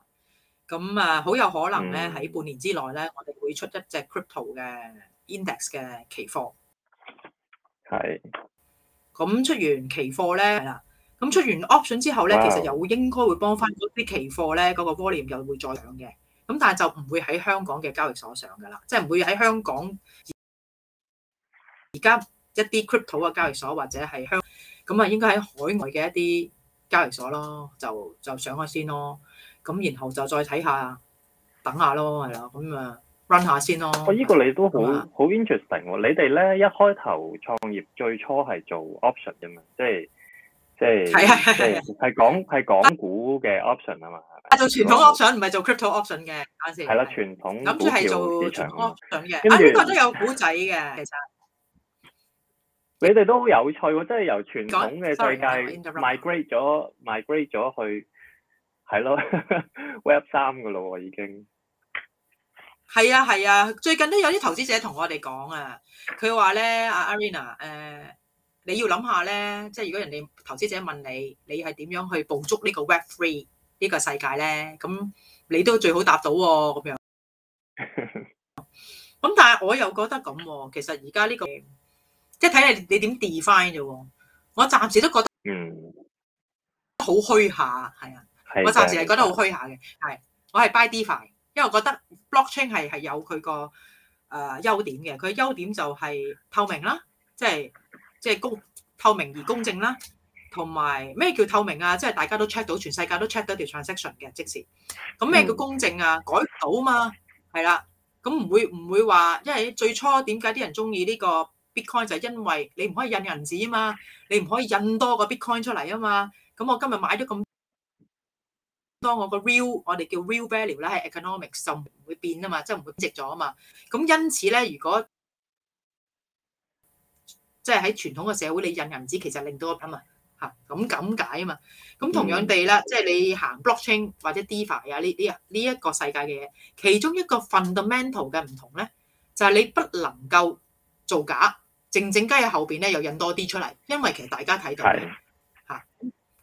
咁啊，好有可能咧，喺半年之內咧，我哋會出一隻 crypto 嘅 index 嘅期貨。係。咁出完期貨咧，係啦。咁出完 option 之後咧，wow. 其實又應該會幫翻啲期貨咧，嗰、嗰個 volume 又會再漲嘅。咁但係就唔會喺香港嘅交易所上㗎啦，即係唔會喺香港而家一啲 crypto 嘅交易所或者係香咁啊，應該喺海外嘅一啲交易所咯，就就上去先咯。咁然後就再睇下，等下咯係啦，咁啊 run 下先咯。哦，呢、這個你都好好 interesting 喎，哦！你哋咧一開頭創業最初係做 option 㗎嘛？即係。即係係係係係講係港股嘅 option 啊嘛，啊做傳統 option 唔係做 crypto option 嘅，等下先係啦傳統股票市場 option 嘅。啊呢個都有古仔嘅，其實你哋都好有趣，即係由傳統嘅世界 migrate 咗 migrate 咗去，係咯 web 三噶咯，已經係啊係啊，最近都有啲投資者同我哋講啊，佢話咧阿 Ariana 誒。你要諗下咧，即係如果人哋投資者問你，你係點樣去捕捉呢個 Web Three 呢個世界咧？咁你都最好答到喎、哦，咁樣咁 <laughs> 但係我又覺得咁，其實而家呢個即係睇你你點 define 啫喎。我暫時都覺得嗯好虛下，係啊，我暫時係覺得好虛下嘅，係我係 by define，因為我覺得 blockchain 係有佢個誒優點嘅，佢優點就係透明啦，即係。即係公透明而公正啦，同埋咩叫透明啊？即係大家都 check 到，全世界都 check 到條 transaction 嘅，即時。咁咩叫公正啊？改唔到啊嘛，係啦。咁唔會唔會話，因為最初點解啲人中意呢個 bitcoin 就係因為你唔可以印銀紙啊嘛，你唔可以印多個 bitcoin 出嚟啊嘛。咁我今日買咗咁多，我個 real 我哋叫 real value 咧係 economics 就唔會變啊嘛，即係唔會值咗啊嘛。咁因此咧，如果即係喺傳統嘅社會，你印銀紙其實令到啊嘛嚇，咁咁解啊嘛。咁同樣地啦，即係你行 blockchain 或者 DeFi 啊呢啲啊呢一個世界嘅嘢，其中一個 fundamental 嘅唔同咧，就係你不能夠造假，靜靜雞喺後邊咧又印多啲出嚟，因為其實大家睇到嘅。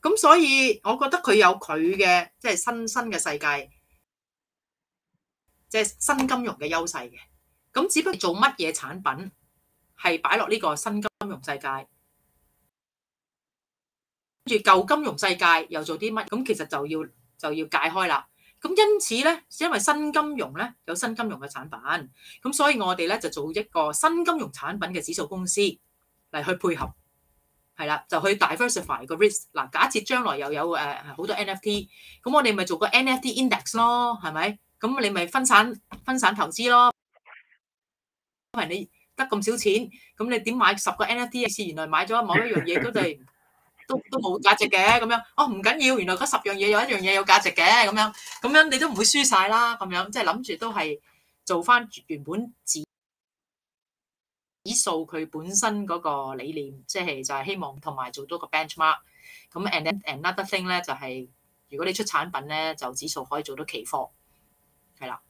咁所以我覺得佢有佢嘅即係新新嘅世界，即係新金融嘅優勢嘅。咁只不過做乜嘢產品？係擺落呢個新金融世界，跟住舊金融世界又做啲乜？咁其實就要就要解開啦。咁因此咧，因為新金融咧有新金融嘅產品，咁所以我哋咧就做一個新金融產品嘅指數公司嚟去配合，係啦，就去 diversify 個 risk。嗱，假設將來又有誒好多 NFT，咁我哋咪做個 NFT index 咯，係咪？咁你咪分散分散投資咯，因為你，得咁少錢，咁你點買十個 NFT？意思原來買咗某一樣嘢都係都都冇價值嘅咁樣。哦，唔緊要，原來嗰十樣嘢有一樣嘢有價值嘅咁樣。咁樣你都唔會輸晒啦。咁樣即係諗住都係做返原本指指數佢本身嗰個理念，即係就係希望同埋做多個 benchmark。咁 another another thing 咧就係，如果你出產品咧，就指數可以做到期貨，係啦。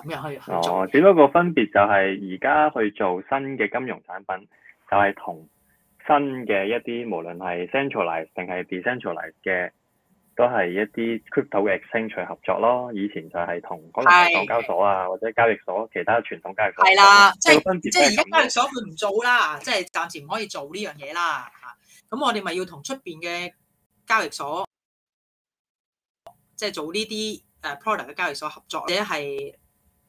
咁樣去去合作，哦，只不過分別就係而家去做新嘅金融產品，就係同新嘅一啲無論係 Centralize 定係 Decentralize 嘅，都係一啲 Crypto Exchange 合作咯。以前就係同可能係港交所啊，或者交易所，其他傳統交易所。係啦，即係即係而家交易所佢唔做啦，即係暫時唔可以做呢樣嘢啦。咁我哋咪要同出邊嘅交易所，即係做呢啲誒 product 嘅交易所合作，或者係。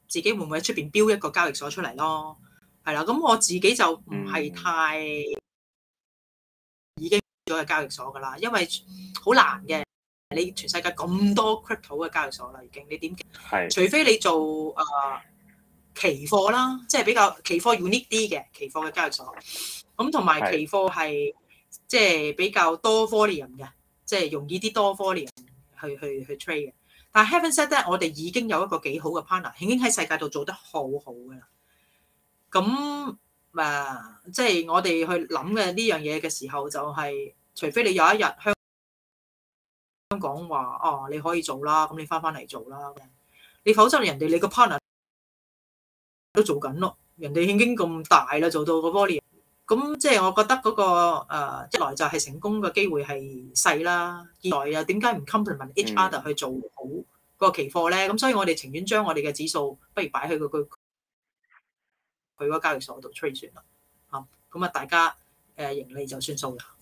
自己會唔會喺出邊標一個交易所出嚟咯？係啦，咁我自己就唔係太已經做咗嘅交易所㗎啦、嗯，因為好難嘅。你全世界咁多 crypto 嘅交易所啦，已經你點？係除非你做誒、呃、期貨啦，即、就、係、是、比較期貨 unique 啲嘅期貨嘅交易所。咁同埋期貨係即係比較多 volume 嘅，即、就、係、是、容易啲多 volume 去去去，去 trade 嘅。但 Heaven said that 我哋已經有一個幾好嘅 partner，已經喺世界度做得好好嘅啦。咁誒，即、就、係、是、我哋去諗嘅呢樣嘢嘅時候、就是，就係除非你有一日香香港話哦、啊，你可以做啦，咁你翻翻嚟做啦。咁樣你否則人哋你個 partner 都做緊咯，人哋已經咁大啦，做到個 volume。咁即係我覺得嗰個誒一來就係成功嘅機會係細啦，二來又點解唔 complement each other 去做好個期貨咧？咁所以我哋情願將我哋嘅指數不如擺去個個佢嗰交易所度 trade 算啦。嚇，咁啊大家誒盈利就算數啦。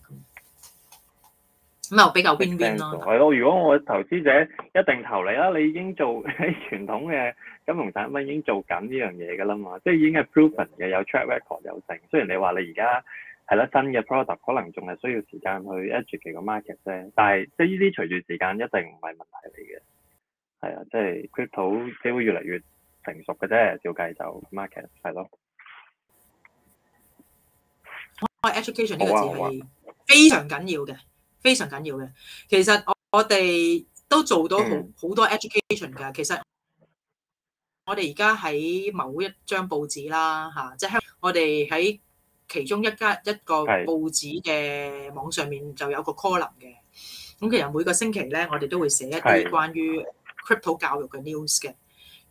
咁又比較 win win 咯。係咯，如果我投資者一定投你啦，你已經做喺 <laughs> 傳統嘅金融產品已經做緊呢樣嘢噶啦嘛，即係已經係 proven 嘅，有 track record 有剩。雖然你話你而家係啦新嘅 product，可能仲係需要時間去 educate 個 market 啫，但係即係呢啲隨住時間一定唔係問題嚟嘅。係啊，即係 crypto 即會越嚟越成熟嘅啫，照計就 market 係咯。Education 呢個字非常緊要嘅。非常緊要嘅，其實我哋都做到好好多 education 㗎。其實我哋而家喺某一張報紙啦，吓，即係香，我哋喺其中一家一個報紙嘅網上面就有個 column 嘅。咁其實每個星期咧，我哋都會寫一啲關於 crypto 教育嘅 news 嘅。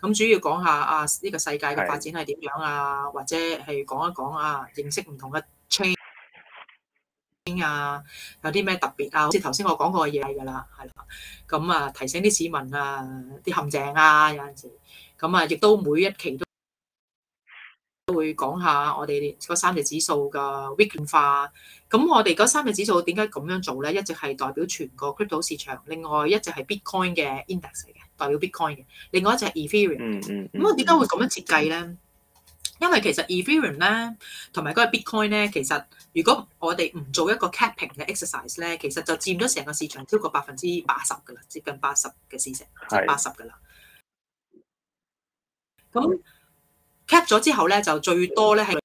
咁主要講下啊，呢個世界嘅發展係點樣啊，或者係講一講啊，認識唔同嘅 chain。啊，有啲咩特別啊？好似頭先我講過嘅嘢噶啦，係啦。咁啊，提醒啲市民啊，啲陷阱啊，有陣時。咁啊，亦都每一期都都會講下我哋嗰三隻指數嘅 Weekend 化。咁我哋嗰三隻指數點解咁樣做咧？一隻係代表全個 cryptocurrency 市場，另外一隻係 Bitcoin 嘅 index 嘅，代表 Bitcoin 嘅，另外一隻係 Ethereum。咁我點解會咁樣設計咧？因為其實 Ethereum 咧，同埋嗰個 Bitcoin 咧，其實如果我哋唔做一個 capping 嘅 exercise 咧，其實就佔咗成個市場超過百分之八十噶啦，接近八十嘅市值，即係八十噶啦。咁 cap 咗之後咧，就最多咧喺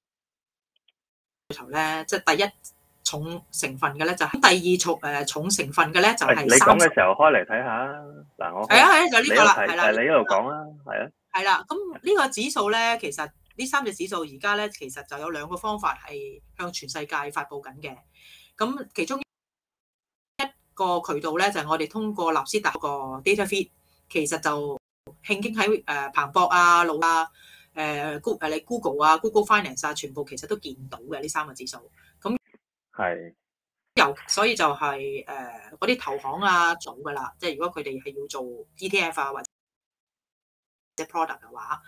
頭咧，即係、就是、第一重成分嘅咧就咁、是。第二重誒、呃、重成分嘅咧就係、是、你講嘅時候開嚟睇下嗱，我係啊係就呢、是、個啦，係啦，你呢度講啦，係啊，係啦。咁呢個指數咧，其實～這三個指數現在呢三隻指數而家咧，其實就有兩個方法係向全世界發佈緊嘅。咁其中一個渠道咧，就係、是、我哋通過納斯達克個 data feed，其實就興經喺誒、呃、彭博啊、路、呃、啊、誒 Google 啊、Google Finance 啊，全部其實都見到嘅呢三個指數。咁係由所以就係誒嗰啲投行啊組㗎啦，即係如果佢哋係要做 ETF 啊或者 product 嘅話。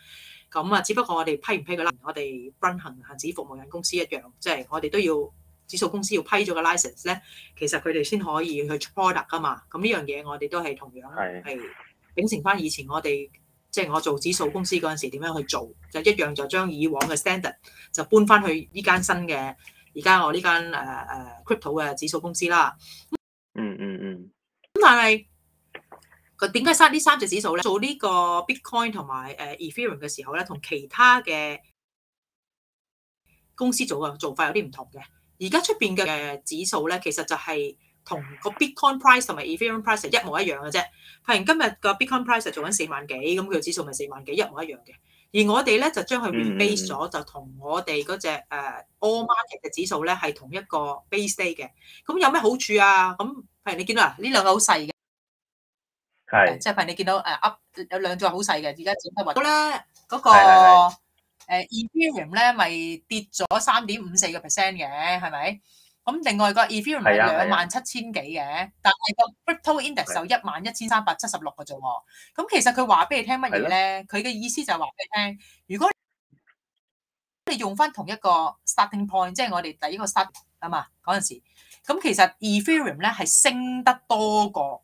咁啊，只不過我哋批唔批個啦。我哋 run 行恆指服務有限公司一樣，即係我哋都要指數公司要批咗個 license 咧，其實佢哋先可以去 product 噶嘛。咁呢樣嘢我哋都係同樣係秉承翻以前我哋即係我做指數公司嗰陣時點樣去做，就一樣就將以往嘅 standard 就搬翻去呢間新嘅而家我呢間誒誒 crypto 嘅指數公司啦。嗯嗯嗯。咁但係。點解三個呢三隻指數咧？做呢個 Bitcoin 同埋誒 Ethereum 嘅時候咧，同其他嘅公司做嘅做法有啲唔同嘅。而家出邊嘅誒指數咧，其實就係同個 Bitcoin price 同埋 Ethereum price 係一模一樣嘅啫。譬如今日個 Bitcoin price 係做緊四萬幾，咁佢嘅指數咪四萬幾一模一樣嘅。而我哋咧就將佢 rebase 咗，就同我哋嗰隻誒 All Market 嘅指數咧係同一個 base day 嘅。咁有咩好處啊？咁譬如你見到啊呢兩個好細嘅。係，即係譬如你見到呃，Up 有兩隻好細嘅，而家轉得雲都咧嗰個 Ethereum 咧，咪跌咗三點五四個 percent 嘅，係咪？咁另外個 Ethereum 係兩萬七千幾嘅，但係個 Crypto Index 就一萬一千三百七十六嘅啫喎。咁其實佢話俾你聽乜嘢咧？佢嘅意思就係話俾你聽，如果你用翻同一個 Starting Point，即係我哋第一個 Starting 啊嘛嗰陣時，咁其實 Ethereum 咧係升得多過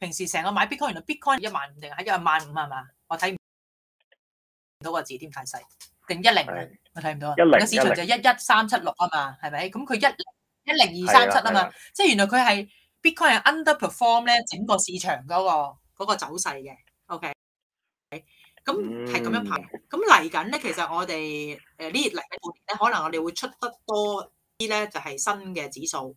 平時成個買 bitcoin，原來 bitcoin 一萬五定係一萬五係嘛？我睇唔到個字，添太細。定一零零？我睇唔到啊。個市場就一一三七六啊嘛，係咪？咁佢一一零二三七啊嘛，即係原來佢係 bitcoin underperform 咧整個市場嗰、嗰個嗰、嗰個走勢嘅。OK，咁係咁樣排。咁嚟緊咧，其實我哋誒、呃、呢嚟緊半年咧，可能我哋會出得多啲咧，就係、係、新嘅指數。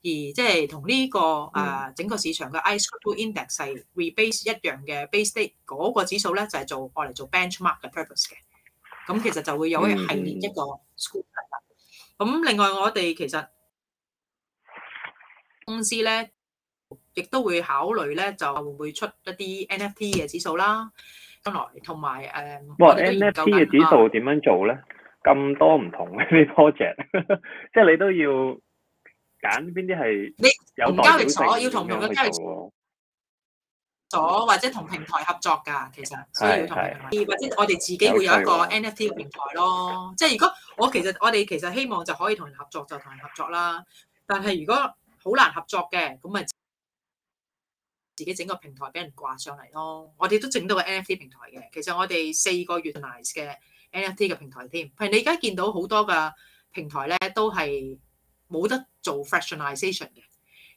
而即係同呢個誒整個市場嘅 ICE Global Index 係 rebase 一樣嘅 base date 嗰個指數咧，就係做用嚟做 benchmark 嘅 purpose 嘅。咁其實就會有一系列一個 school 啦。咁另外我哋其實公司咧亦都會考慮咧，就會唔會出一啲 NFT 嘅指數啦。將來同埋誒，不過 NFT 嘅指數點樣做咧？咁多唔同嘅 project，即係你都要。揀邊啲係有你交易所要同同個交易所或者同平台合作噶，其實需要同。係，係或者我哋自己會有一個 NFT 嘅平台咯，啊、即係如果我其實我哋其實希望就可以同人合作就同人合作啦。但係如果好難合作嘅，咁咪自己整個平台俾人掛上嚟咯。我哋都整到個 NFT 平台嘅，其實我哋四個月 rise 嘅 NFT 嘅平台添。係你而家見到好多嘅平台咧，都係。冇得做 fractionalization 嘅，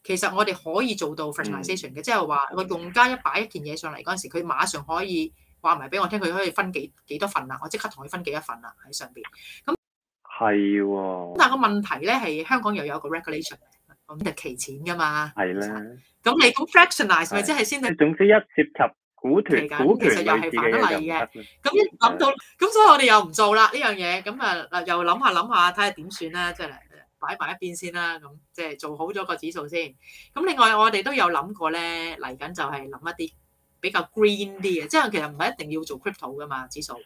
其實我哋可以做到 fractionalization 嘅，即係話我用家一擺一件嘢上嚟嗰陣時，佢馬上可以話埋俾我聽，佢可以分幾幾多份啦，我即刻同佢分幾一份啦喺上邊。咁係喎，但係個問題咧係香港又有一個 regulation，咁就期錢噶嘛。係啦，咁你講 fractionize 咪即係先？總之一涉及股團，股其實又係犯得嚟嘅。咁諗到，咁所以我哋又唔做啦呢樣嘢。咁啊，嗱又諗下諗下，睇下點算啦，真係。擺埋一邊先啦，咁即係做好咗個指數先。咁另外我哋都有諗過咧，嚟緊就係諗一啲比較 green 啲嘅，即係其實唔係一定要做 crypto 㗎嘛，指數。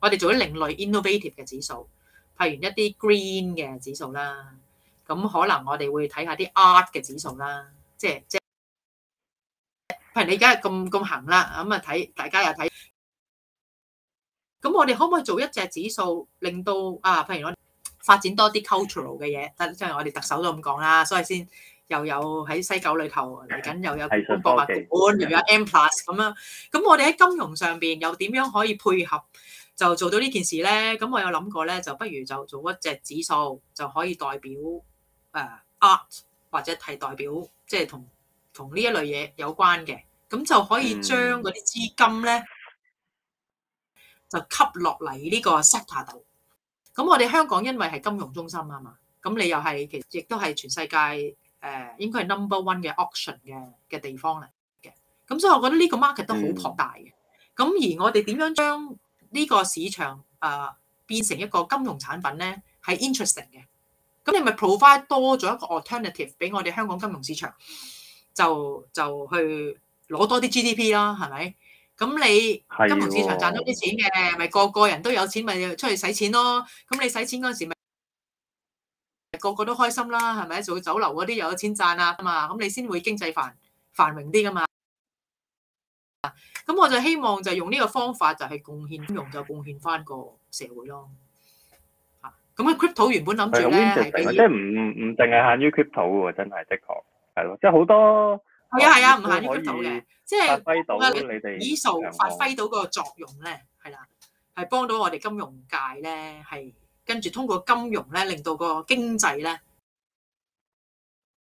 我哋做啲另類 innovative 嘅指數，譬如一啲 green 嘅指數啦。咁可能我哋會睇下啲 art 嘅指數啦，即係即係。譬如你而家係咁咁行啦，咁啊睇大家又睇。咁我哋可唔可以做一隻指數，令到啊，譬如我。發展多啲 cultural 嘅嘢，即係我哋特首都咁講啦，所以先又有喺西九裏頭嚟緊又有博物館，又有 M plus 咁樣。咁我哋喺金融上邊又點樣可以配合就做到呢件事咧？咁我有諗過咧，就不如就做一隻指數就可以代表誒 art 或者係代表即係同同呢一類嘢有關嘅，咁就可以將嗰啲資金咧就吸落嚟呢個 sector 度。咁我哋香港因為係金融中心啊嘛，咁你又係其實亦都係全世界誒應該係 number one 嘅 option 嘅嘅地方嚟嘅，咁所以我覺得呢個 market 都好龐大嘅。咁而我哋點樣將呢個市場啊變成一個金融產品咧，係 interesting 嘅。咁你咪 provide 多咗一個 alternative 俾我哋香港金融市場，就就去攞多啲 GDP 啦，係咪？咁你金融市場賺咗啲錢嘅，咪個個人都有錢，咪出去使錢咯。咁你使錢嗰時，咪個個都開心啦，係咪？做酒樓嗰啲又有錢賺啊嘛。咁你先會經濟繁繁榮啲噶嘛。咁我就希望就用呢個方法，就係貢獻金融，就貢獻翻個社會咯。嚇！咁啊，crypto 原本諗住咧係俾即係唔唔唔，淨係限於 crypto 喎，真係的確係咯，即係好多。係啊係啊，唔係呢啲 crypto 嘅，即係發揮到咧，指數發揮到個作用咧，係啦，係幫到我哋金融界咧，係跟住通過金融咧，令到個經濟咧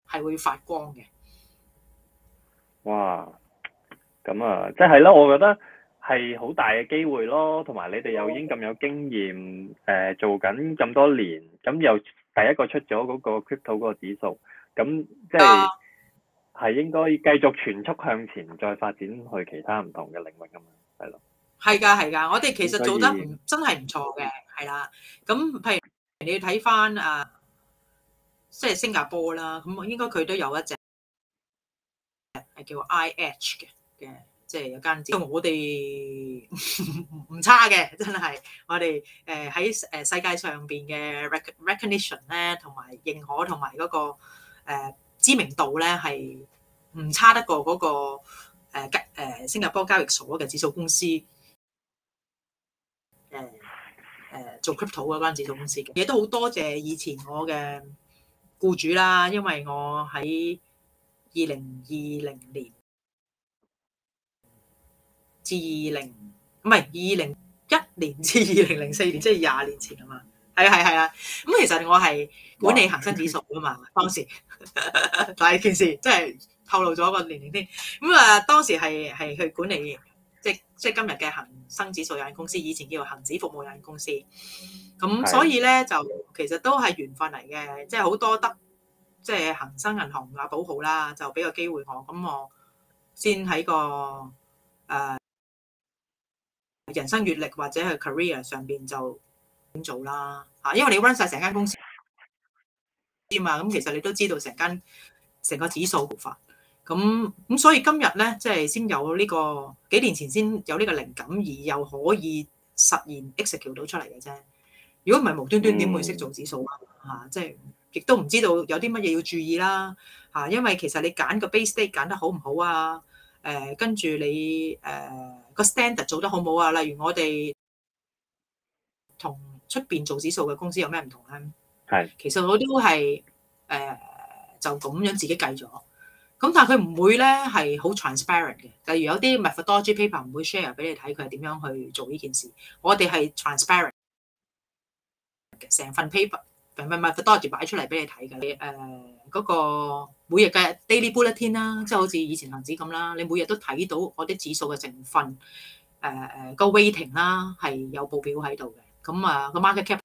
係會發光嘅。哇！咁啊，即係咯，我覺得係好大嘅機會咯，同埋你哋又已經咁有經驗，誒做緊咁多年，咁又第一個出咗嗰個 crypto 嗰個指數，咁即係。係應該繼續全速向前，再發展去其他唔同嘅領域咁嘛，係㗎係㗎？係咯，係㗎，係㗎，我哋其實做得唔真係唔錯嘅，係啦。咁譬如你要睇翻啊，即係新加坡啦，咁應該佢都有一隻係叫 I H 嘅嘅，即係有間。我哋唔 <laughs> 差嘅，真係我哋誒喺誒世界上邊嘅 recognition 咧，同埋認可同埋嗰個、呃知名度咧，係唔差得過嗰個誒吉誒新加坡交易所嘅指數公司，誒誒做 crypto 嗰間指數公司嘅，亦都好多謝以前我嘅僱主啦，因為我喺二零二零年至二零唔係二零一年至二零零四年，即係廿年前啊嘛。係係係啦，咁其實我係管理恒生指數噶嘛，當時，但係件事即係透露咗個年齡先。咁啊，當時係係去管理，即係即係今日嘅恒生指數有限公司，以前叫做恒指服務有限公司。咁所以咧，就其實都係緣分嚟嘅，即係好多得，即係恒生銀行啊，寶號啦，就俾個機會我，咁我先喺個誒人生閱歷或者係 career 上邊就咁做啦。嚇，因為你 run 曬成間公司啲嘛，咁其實你都知道成間成個指數化，咁咁所以今日咧，即、就、係、是、先有呢、這個幾年前先有呢個靈感，而又可以實現 execute 到出嚟嘅啫。如果唔係無端端點會識做指數、嗯、啊？嚇、就是，即係亦都唔知道有啲乜嘢要注意啦。嚇、啊，因為其實你揀個 base day 揀得好唔好啊？誒、呃，跟住你誒個、呃、standard 做得好唔好啊？例如我哋同出面做指數嘅公司有咩唔同咧？係其實我都係誒、呃、就咁樣自己計咗咁，但係佢唔會咧係好 transparent 嘅。例如有啲 methodology paper 唔會 share 俾你睇佢係點樣去做呢件事。我哋係 transparent 嘅，成份 paper 成份 methodology 擺出嚟俾你睇嘅。你嗰、呃嗰個每日嘅 daily bulletin 啦，即係好似以前恆指咁啦，你每日都睇到我啲指數嘅成分、呃嗰個 weighting 啦，係有報表喺度嘅。咁啊，個 market cap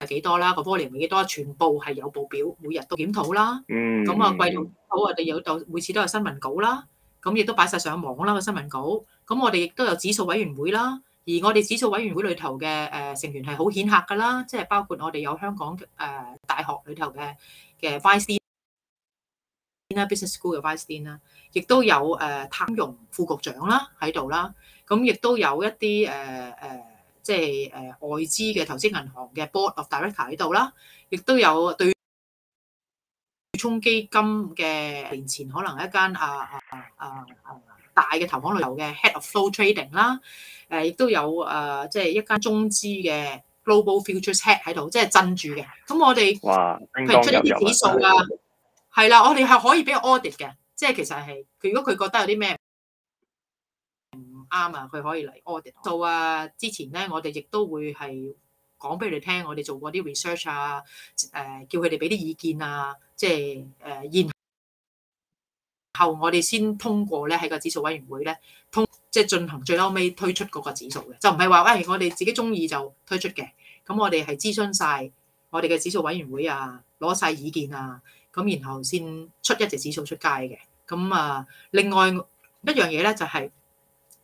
係幾多啦？個 volume 幾多？全部係有報表，每日都檢討啦。咁啊，季度好我哋有就每次都有新聞稿啦。咁亦都擺晒上網啦個新聞稿。咁我哋亦都有指數委員會啦。而我哋指數委員會裏頭嘅成員係好顯赫㗎啦，即係包括我哋有香港、呃、大學裏頭嘅嘅 vice dean 啦，business school 嘅 vice dean 啦，亦都有誒貪融副局長啦喺度啦。咁亦都有一啲誒誒。呃呃即係誒外資嘅投資銀行嘅 Board of Director 喺度啦，亦都有對沖基金嘅年前可能一間啊啊啊啊大嘅投行旅遊嘅 Head of Flow Trading 啦，誒亦都有誒即係一間中資嘅 Global Futures Head 喺度，即係鎮住嘅。咁我哋哇，係出呢啲指數啦。係啦，我哋係可以俾 audit 嘅，即係其實係，佢如果佢覺得有啲咩。啱啊！佢可以嚟 audit 數啊。之前咧，我哋亦都會係講俾你哋聽，我哋做過啲 research 啊。誒，叫佢哋俾啲意見啊。即係誒，然後我哋先通過咧喺個指數委員會咧通即係進行最後尾推出嗰個指數嘅，就唔係話喂我哋自己中意就推出嘅。咁我哋係諮詢晒我哋嘅指數委員會啊，攞晒意見啊。咁然後先出一隻指數出街嘅。咁啊，另外一樣嘢咧就係、是。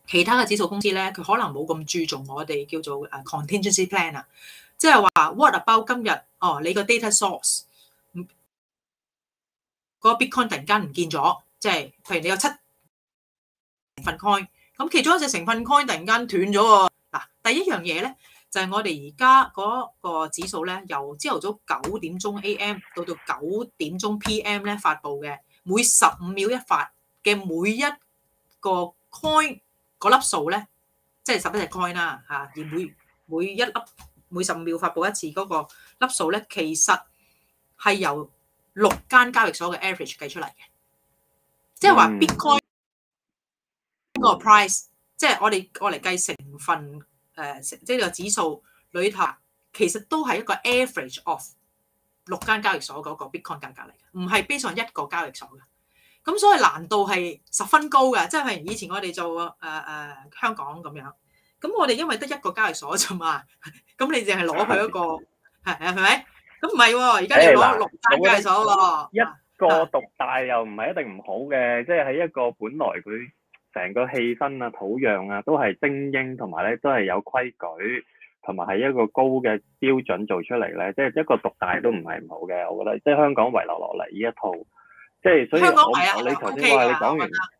其他嘅指數公司咧，佢可能冇咁注重我哋叫做誒 contingency plan 啊，即係話 what about 今日哦，你個 data source，嗰個 bitcoin 突然間唔見咗，即係譬如你有七成分 coin，咁其中一隻成分 coin 突然間斷咗喎。嗱，第一樣嘢咧就係我哋而家嗰個指數咧，由朝頭早九點鐘 am 到到九點鐘 pm 咧發佈嘅，每十五秒一發嘅每一個 coin。嗰粒數咧，即係十一隻 coin 啦嚇，而每每一粒每十五秒發布一次嗰個粒數咧，其實係由六間交易所嘅 average 計出嚟嘅，即係話 bitcoin 嗰個 price，即係我哋我嚟計成分誒，即係個指數裏頭，其實都係一個 average of 六間交易所嗰個 bitcoin 價格嚟嘅，唔係 based on 一個交易所嘅。咁所以難度係十分高嘅，即係以前我哋做誒誒香港咁樣，咁我哋因為得一個交易所啫嘛，咁你淨係攞佢一個，係係咪？咁唔係喎，而家你攞六大交易所喎。一個獨大又唔係一定唔好嘅，即係喺一個本來佢成個氣氛啊、土壤啊都係精英，同埋咧都係有規矩，同埋係一個高嘅標準做出嚟咧，即係一個獨大都唔係唔好嘅。我覺得即係香港遺留落嚟呢一套。即係所以我，你我、okay、你頭先話你講完，okay、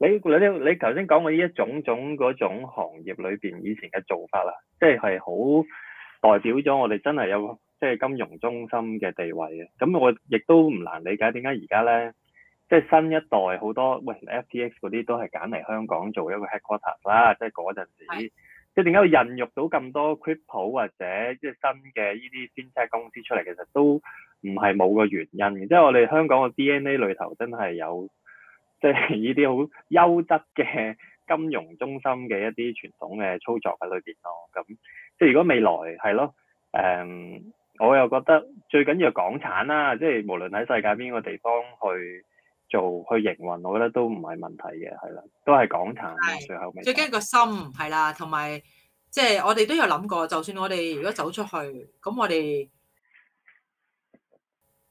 你你你頭先講嘅呢一種種嗰種行業裏邊以前嘅做法啦，即係係好代表咗我哋真係有即係金融中心嘅地位嘅。咁我亦都唔難理解點解而家咧，即、就、係、是、新一代好多喂 FTX 嗰啲都係揀嚟香港做一個 headquarter 啦、嗯。即係嗰陣時，即係點解孕育到咁多 crypto 或者即係新嘅呢啲編製公司出嚟，其實都，唔係冇個原因嘅，即係我哋香港嘅 DNA 裏頭真係有，即係呢啲好優質嘅金融中心嘅一啲傳統嘅操作喺裏邊咯。咁即係如果未來係咯，誒、嗯，我又覺得最緊要係港產啦，即係無論喺世界邊個地方去做去營運，我覺得都唔係問題嘅，係啦，都係港產嘅最後尾。最緊要個心係啦，同埋即係我哋都有諗過，就算我哋如果走出去，咁我哋。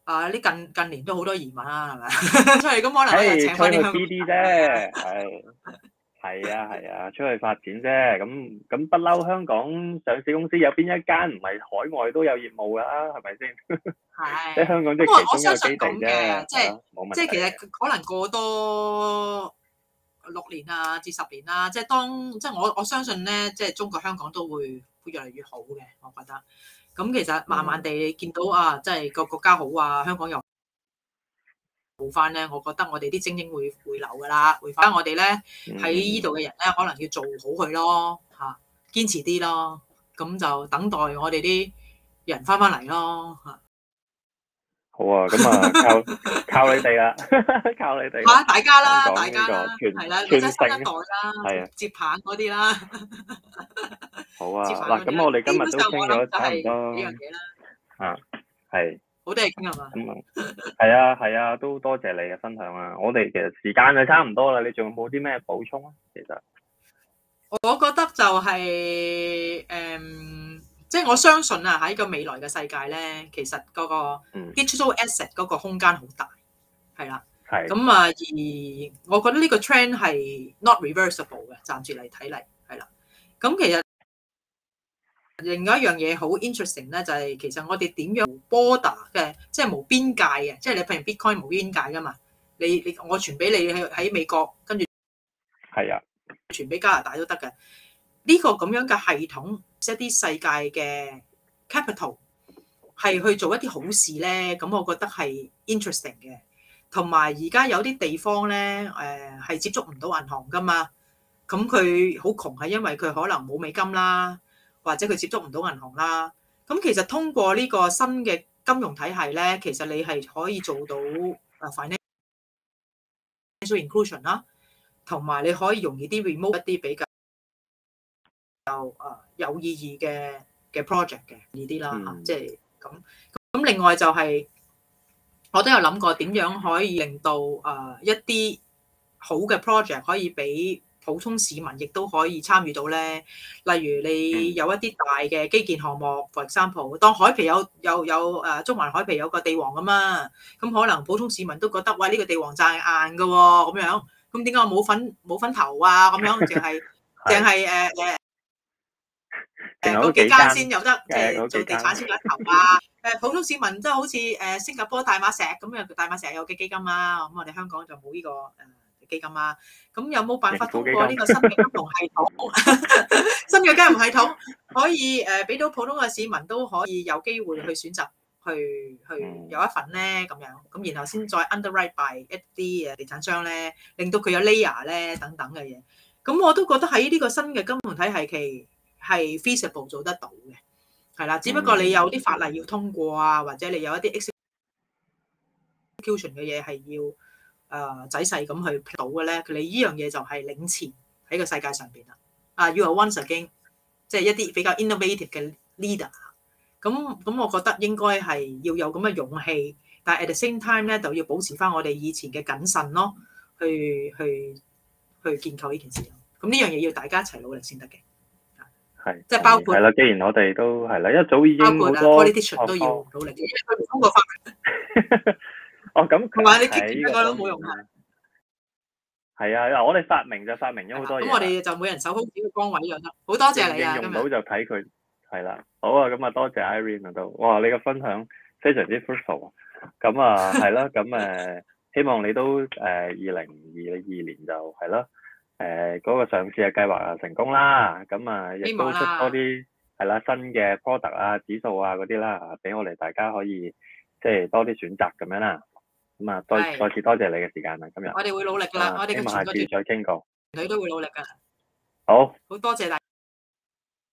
啊！啲近近年都好多移民啦，係咪？ <laughs> 所以可可以 hey, 出去咁可能可以出去 BD 啫，係係啊係啊，出去發展啫。咁咁不嬲，香港上市公司有邊一間唔係海外都有業務噶，啊？係咪先？係 <laughs> 即係香港，即係其中一個基地啫。即係即係其實可能過多六年啊，至十年啦，啊。即係當即係我我相信咧，即係中國香港都會越嚟越好嘅。我覺得。咁其實慢慢地見到、mm -hmm. 啊，即、就、係、是、個國家好啊，香港又好翻咧，我覺得我哋啲精英會回流噶啦，回翻我哋咧喺呢度嘅、mm -hmm. 人咧，可能要做好佢咯，嚇，堅持啲咯，咁就等待我哋啲人翻翻嚟咯。好啊，咁啊，靠 <laughs> 靠你哋啦，靠你哋吓，啊，大家啦，個大家啦，係啦，傳承啦，係啊，接棒嗰啲啦，好啊，嗱，咁我哋今日都傾咗差唔多一樣嘢啊，啊，係，好多嘢傾係嘛，係啊，係啊，都多謝你嘅分享啊，我哋其實時間就差唔多啦， <laughs> 你仲有冇啲咩補充啊？其實，我覺得就係、是、誒。嗯即係我相信啊，喺個未來嘅世界咧，其實嗰個 digital asset 嗰個空間好大，係啦，係咁啊。而我覺得呢個 trend 係 not reversible 嘅，暫時嚟睇嚟係啦。咁其實另外一樣嘢好 interesting 咧，就係其實我哋點樣 border 嘅，即係無邊界嘅，即係你譬如 Bitcoin 無邊界噶嘛，你你我傳俾你喺喺美國，跟住係啊，傳俾加拿大都得嘅。呢個咁樣嘅系統。一啲世界嘅 capital 係去做一啲好事咧，咁我覺得係 interesting 嘅。同埋而家有啲地方咧，誒係接觸唔到銀行噶嘛，咁佢好窮係因為佢可能冇美金啦，或者佢接觸唔到銀行啦。咁其實通過呢個新嘅金融體系咧，其實你係可以做到誒 financial inclusion 啦，同埋你可以容易啲 remove 一啲比較。有誒有意義嘅嘅 project 嘅呢啲啦吓，即係咁咁。另外就係、是、我都有諗過點樣可以令到誒、呃、一啲好嘅 project 可以俾普通市民亦都可以參與到咧。例如你有一啲大嘅基建項目、嗯，for example，當海皮有有有誒中環海皮有個地王咁嘛，咁可能普通市民都覺得喂呢、這個地王賺硬噶、哦，咁樣咁點解我冇份冇份頭啊？咁樣淨係淨係誒。 <laughs> <laughs> 誒，幾間先有得，做地產先有頭啊。誒， <laughs> 普通市民即係好似誒新加坡大馬石咁樣，咁大馬石有嘅基金啊，咁我哋香港就冇呢個誒基金啊。咁有冇辦法通過呢個新嘅金融系統， <laughs> 新嘅金融系統可以誒俾到普通嘅市民都可以有機會去選擇，去 <laughs> 去有一份咧咁樣，咁然後先再 underwrite by 一啲誒地產商咧，令到佢有 layer 咧等等嘅嘢。咁我都覺得喺呢個新嘅金融體系期。係 feasible 做得到嘅，係啦。只不過你有啲法例要通過啊，或者你有一啲 execution 嘅嘢係要誒仔細咁去做嘅咧。你呢樣嘢就係領前喺個世界上邊啦。啊，You are venture king，即係一啲比較 innovative 嘅 leader。咁咁，我覺得應該係要有咁嘅勇氣，但係 at the same time 咧，就要保持翻我哋以前嘅謹慎咯去，去去去建構呢件事。咁呢樣嘢要大家一齊努力先得嘅。係，即係包括係啦。既然我哋都係啦，一早已經好多。包括啦 p 都要努力，因佢唔通過發明。哦，咁佢話啲字典都冇用啦。係啊，嗱、 <laughs> 哦，我哋發明就發明咗好多嘢。咁我哋就每人守好自己嘅崗位咗啦。好多謝你啊。應用不到就睇佢。係啦，好啊，咁啊，多謝 Irene 啊，都哇，你嘅分享非常之 fruitful。咁啊，係 <laughs> 啦、啊，咁誒、啊，希望你都誒，二零二二年就係啦。誒、呃、嗰、那個上市嘅計劃啊成功啦，咁啊亦都出多啲係啦新嘅 product 啊指數啊嗰啲啦，俾我哋大家可以即係多啲選擇咁樣啦。咁啊再再次多謝你嘅時間啊，今日我哋會努力噶啦，我哋下次再傾過，你都會努力噶。好，好多謝大家。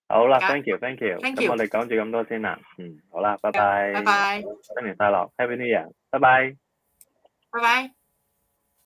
好啦，thank you，thank you，咁 thank you，thank you。我哋講住咁多先啦。嗯，好啦，拜拜。拜拜，新年快樂，Happy New Year，拜拜，拜拜。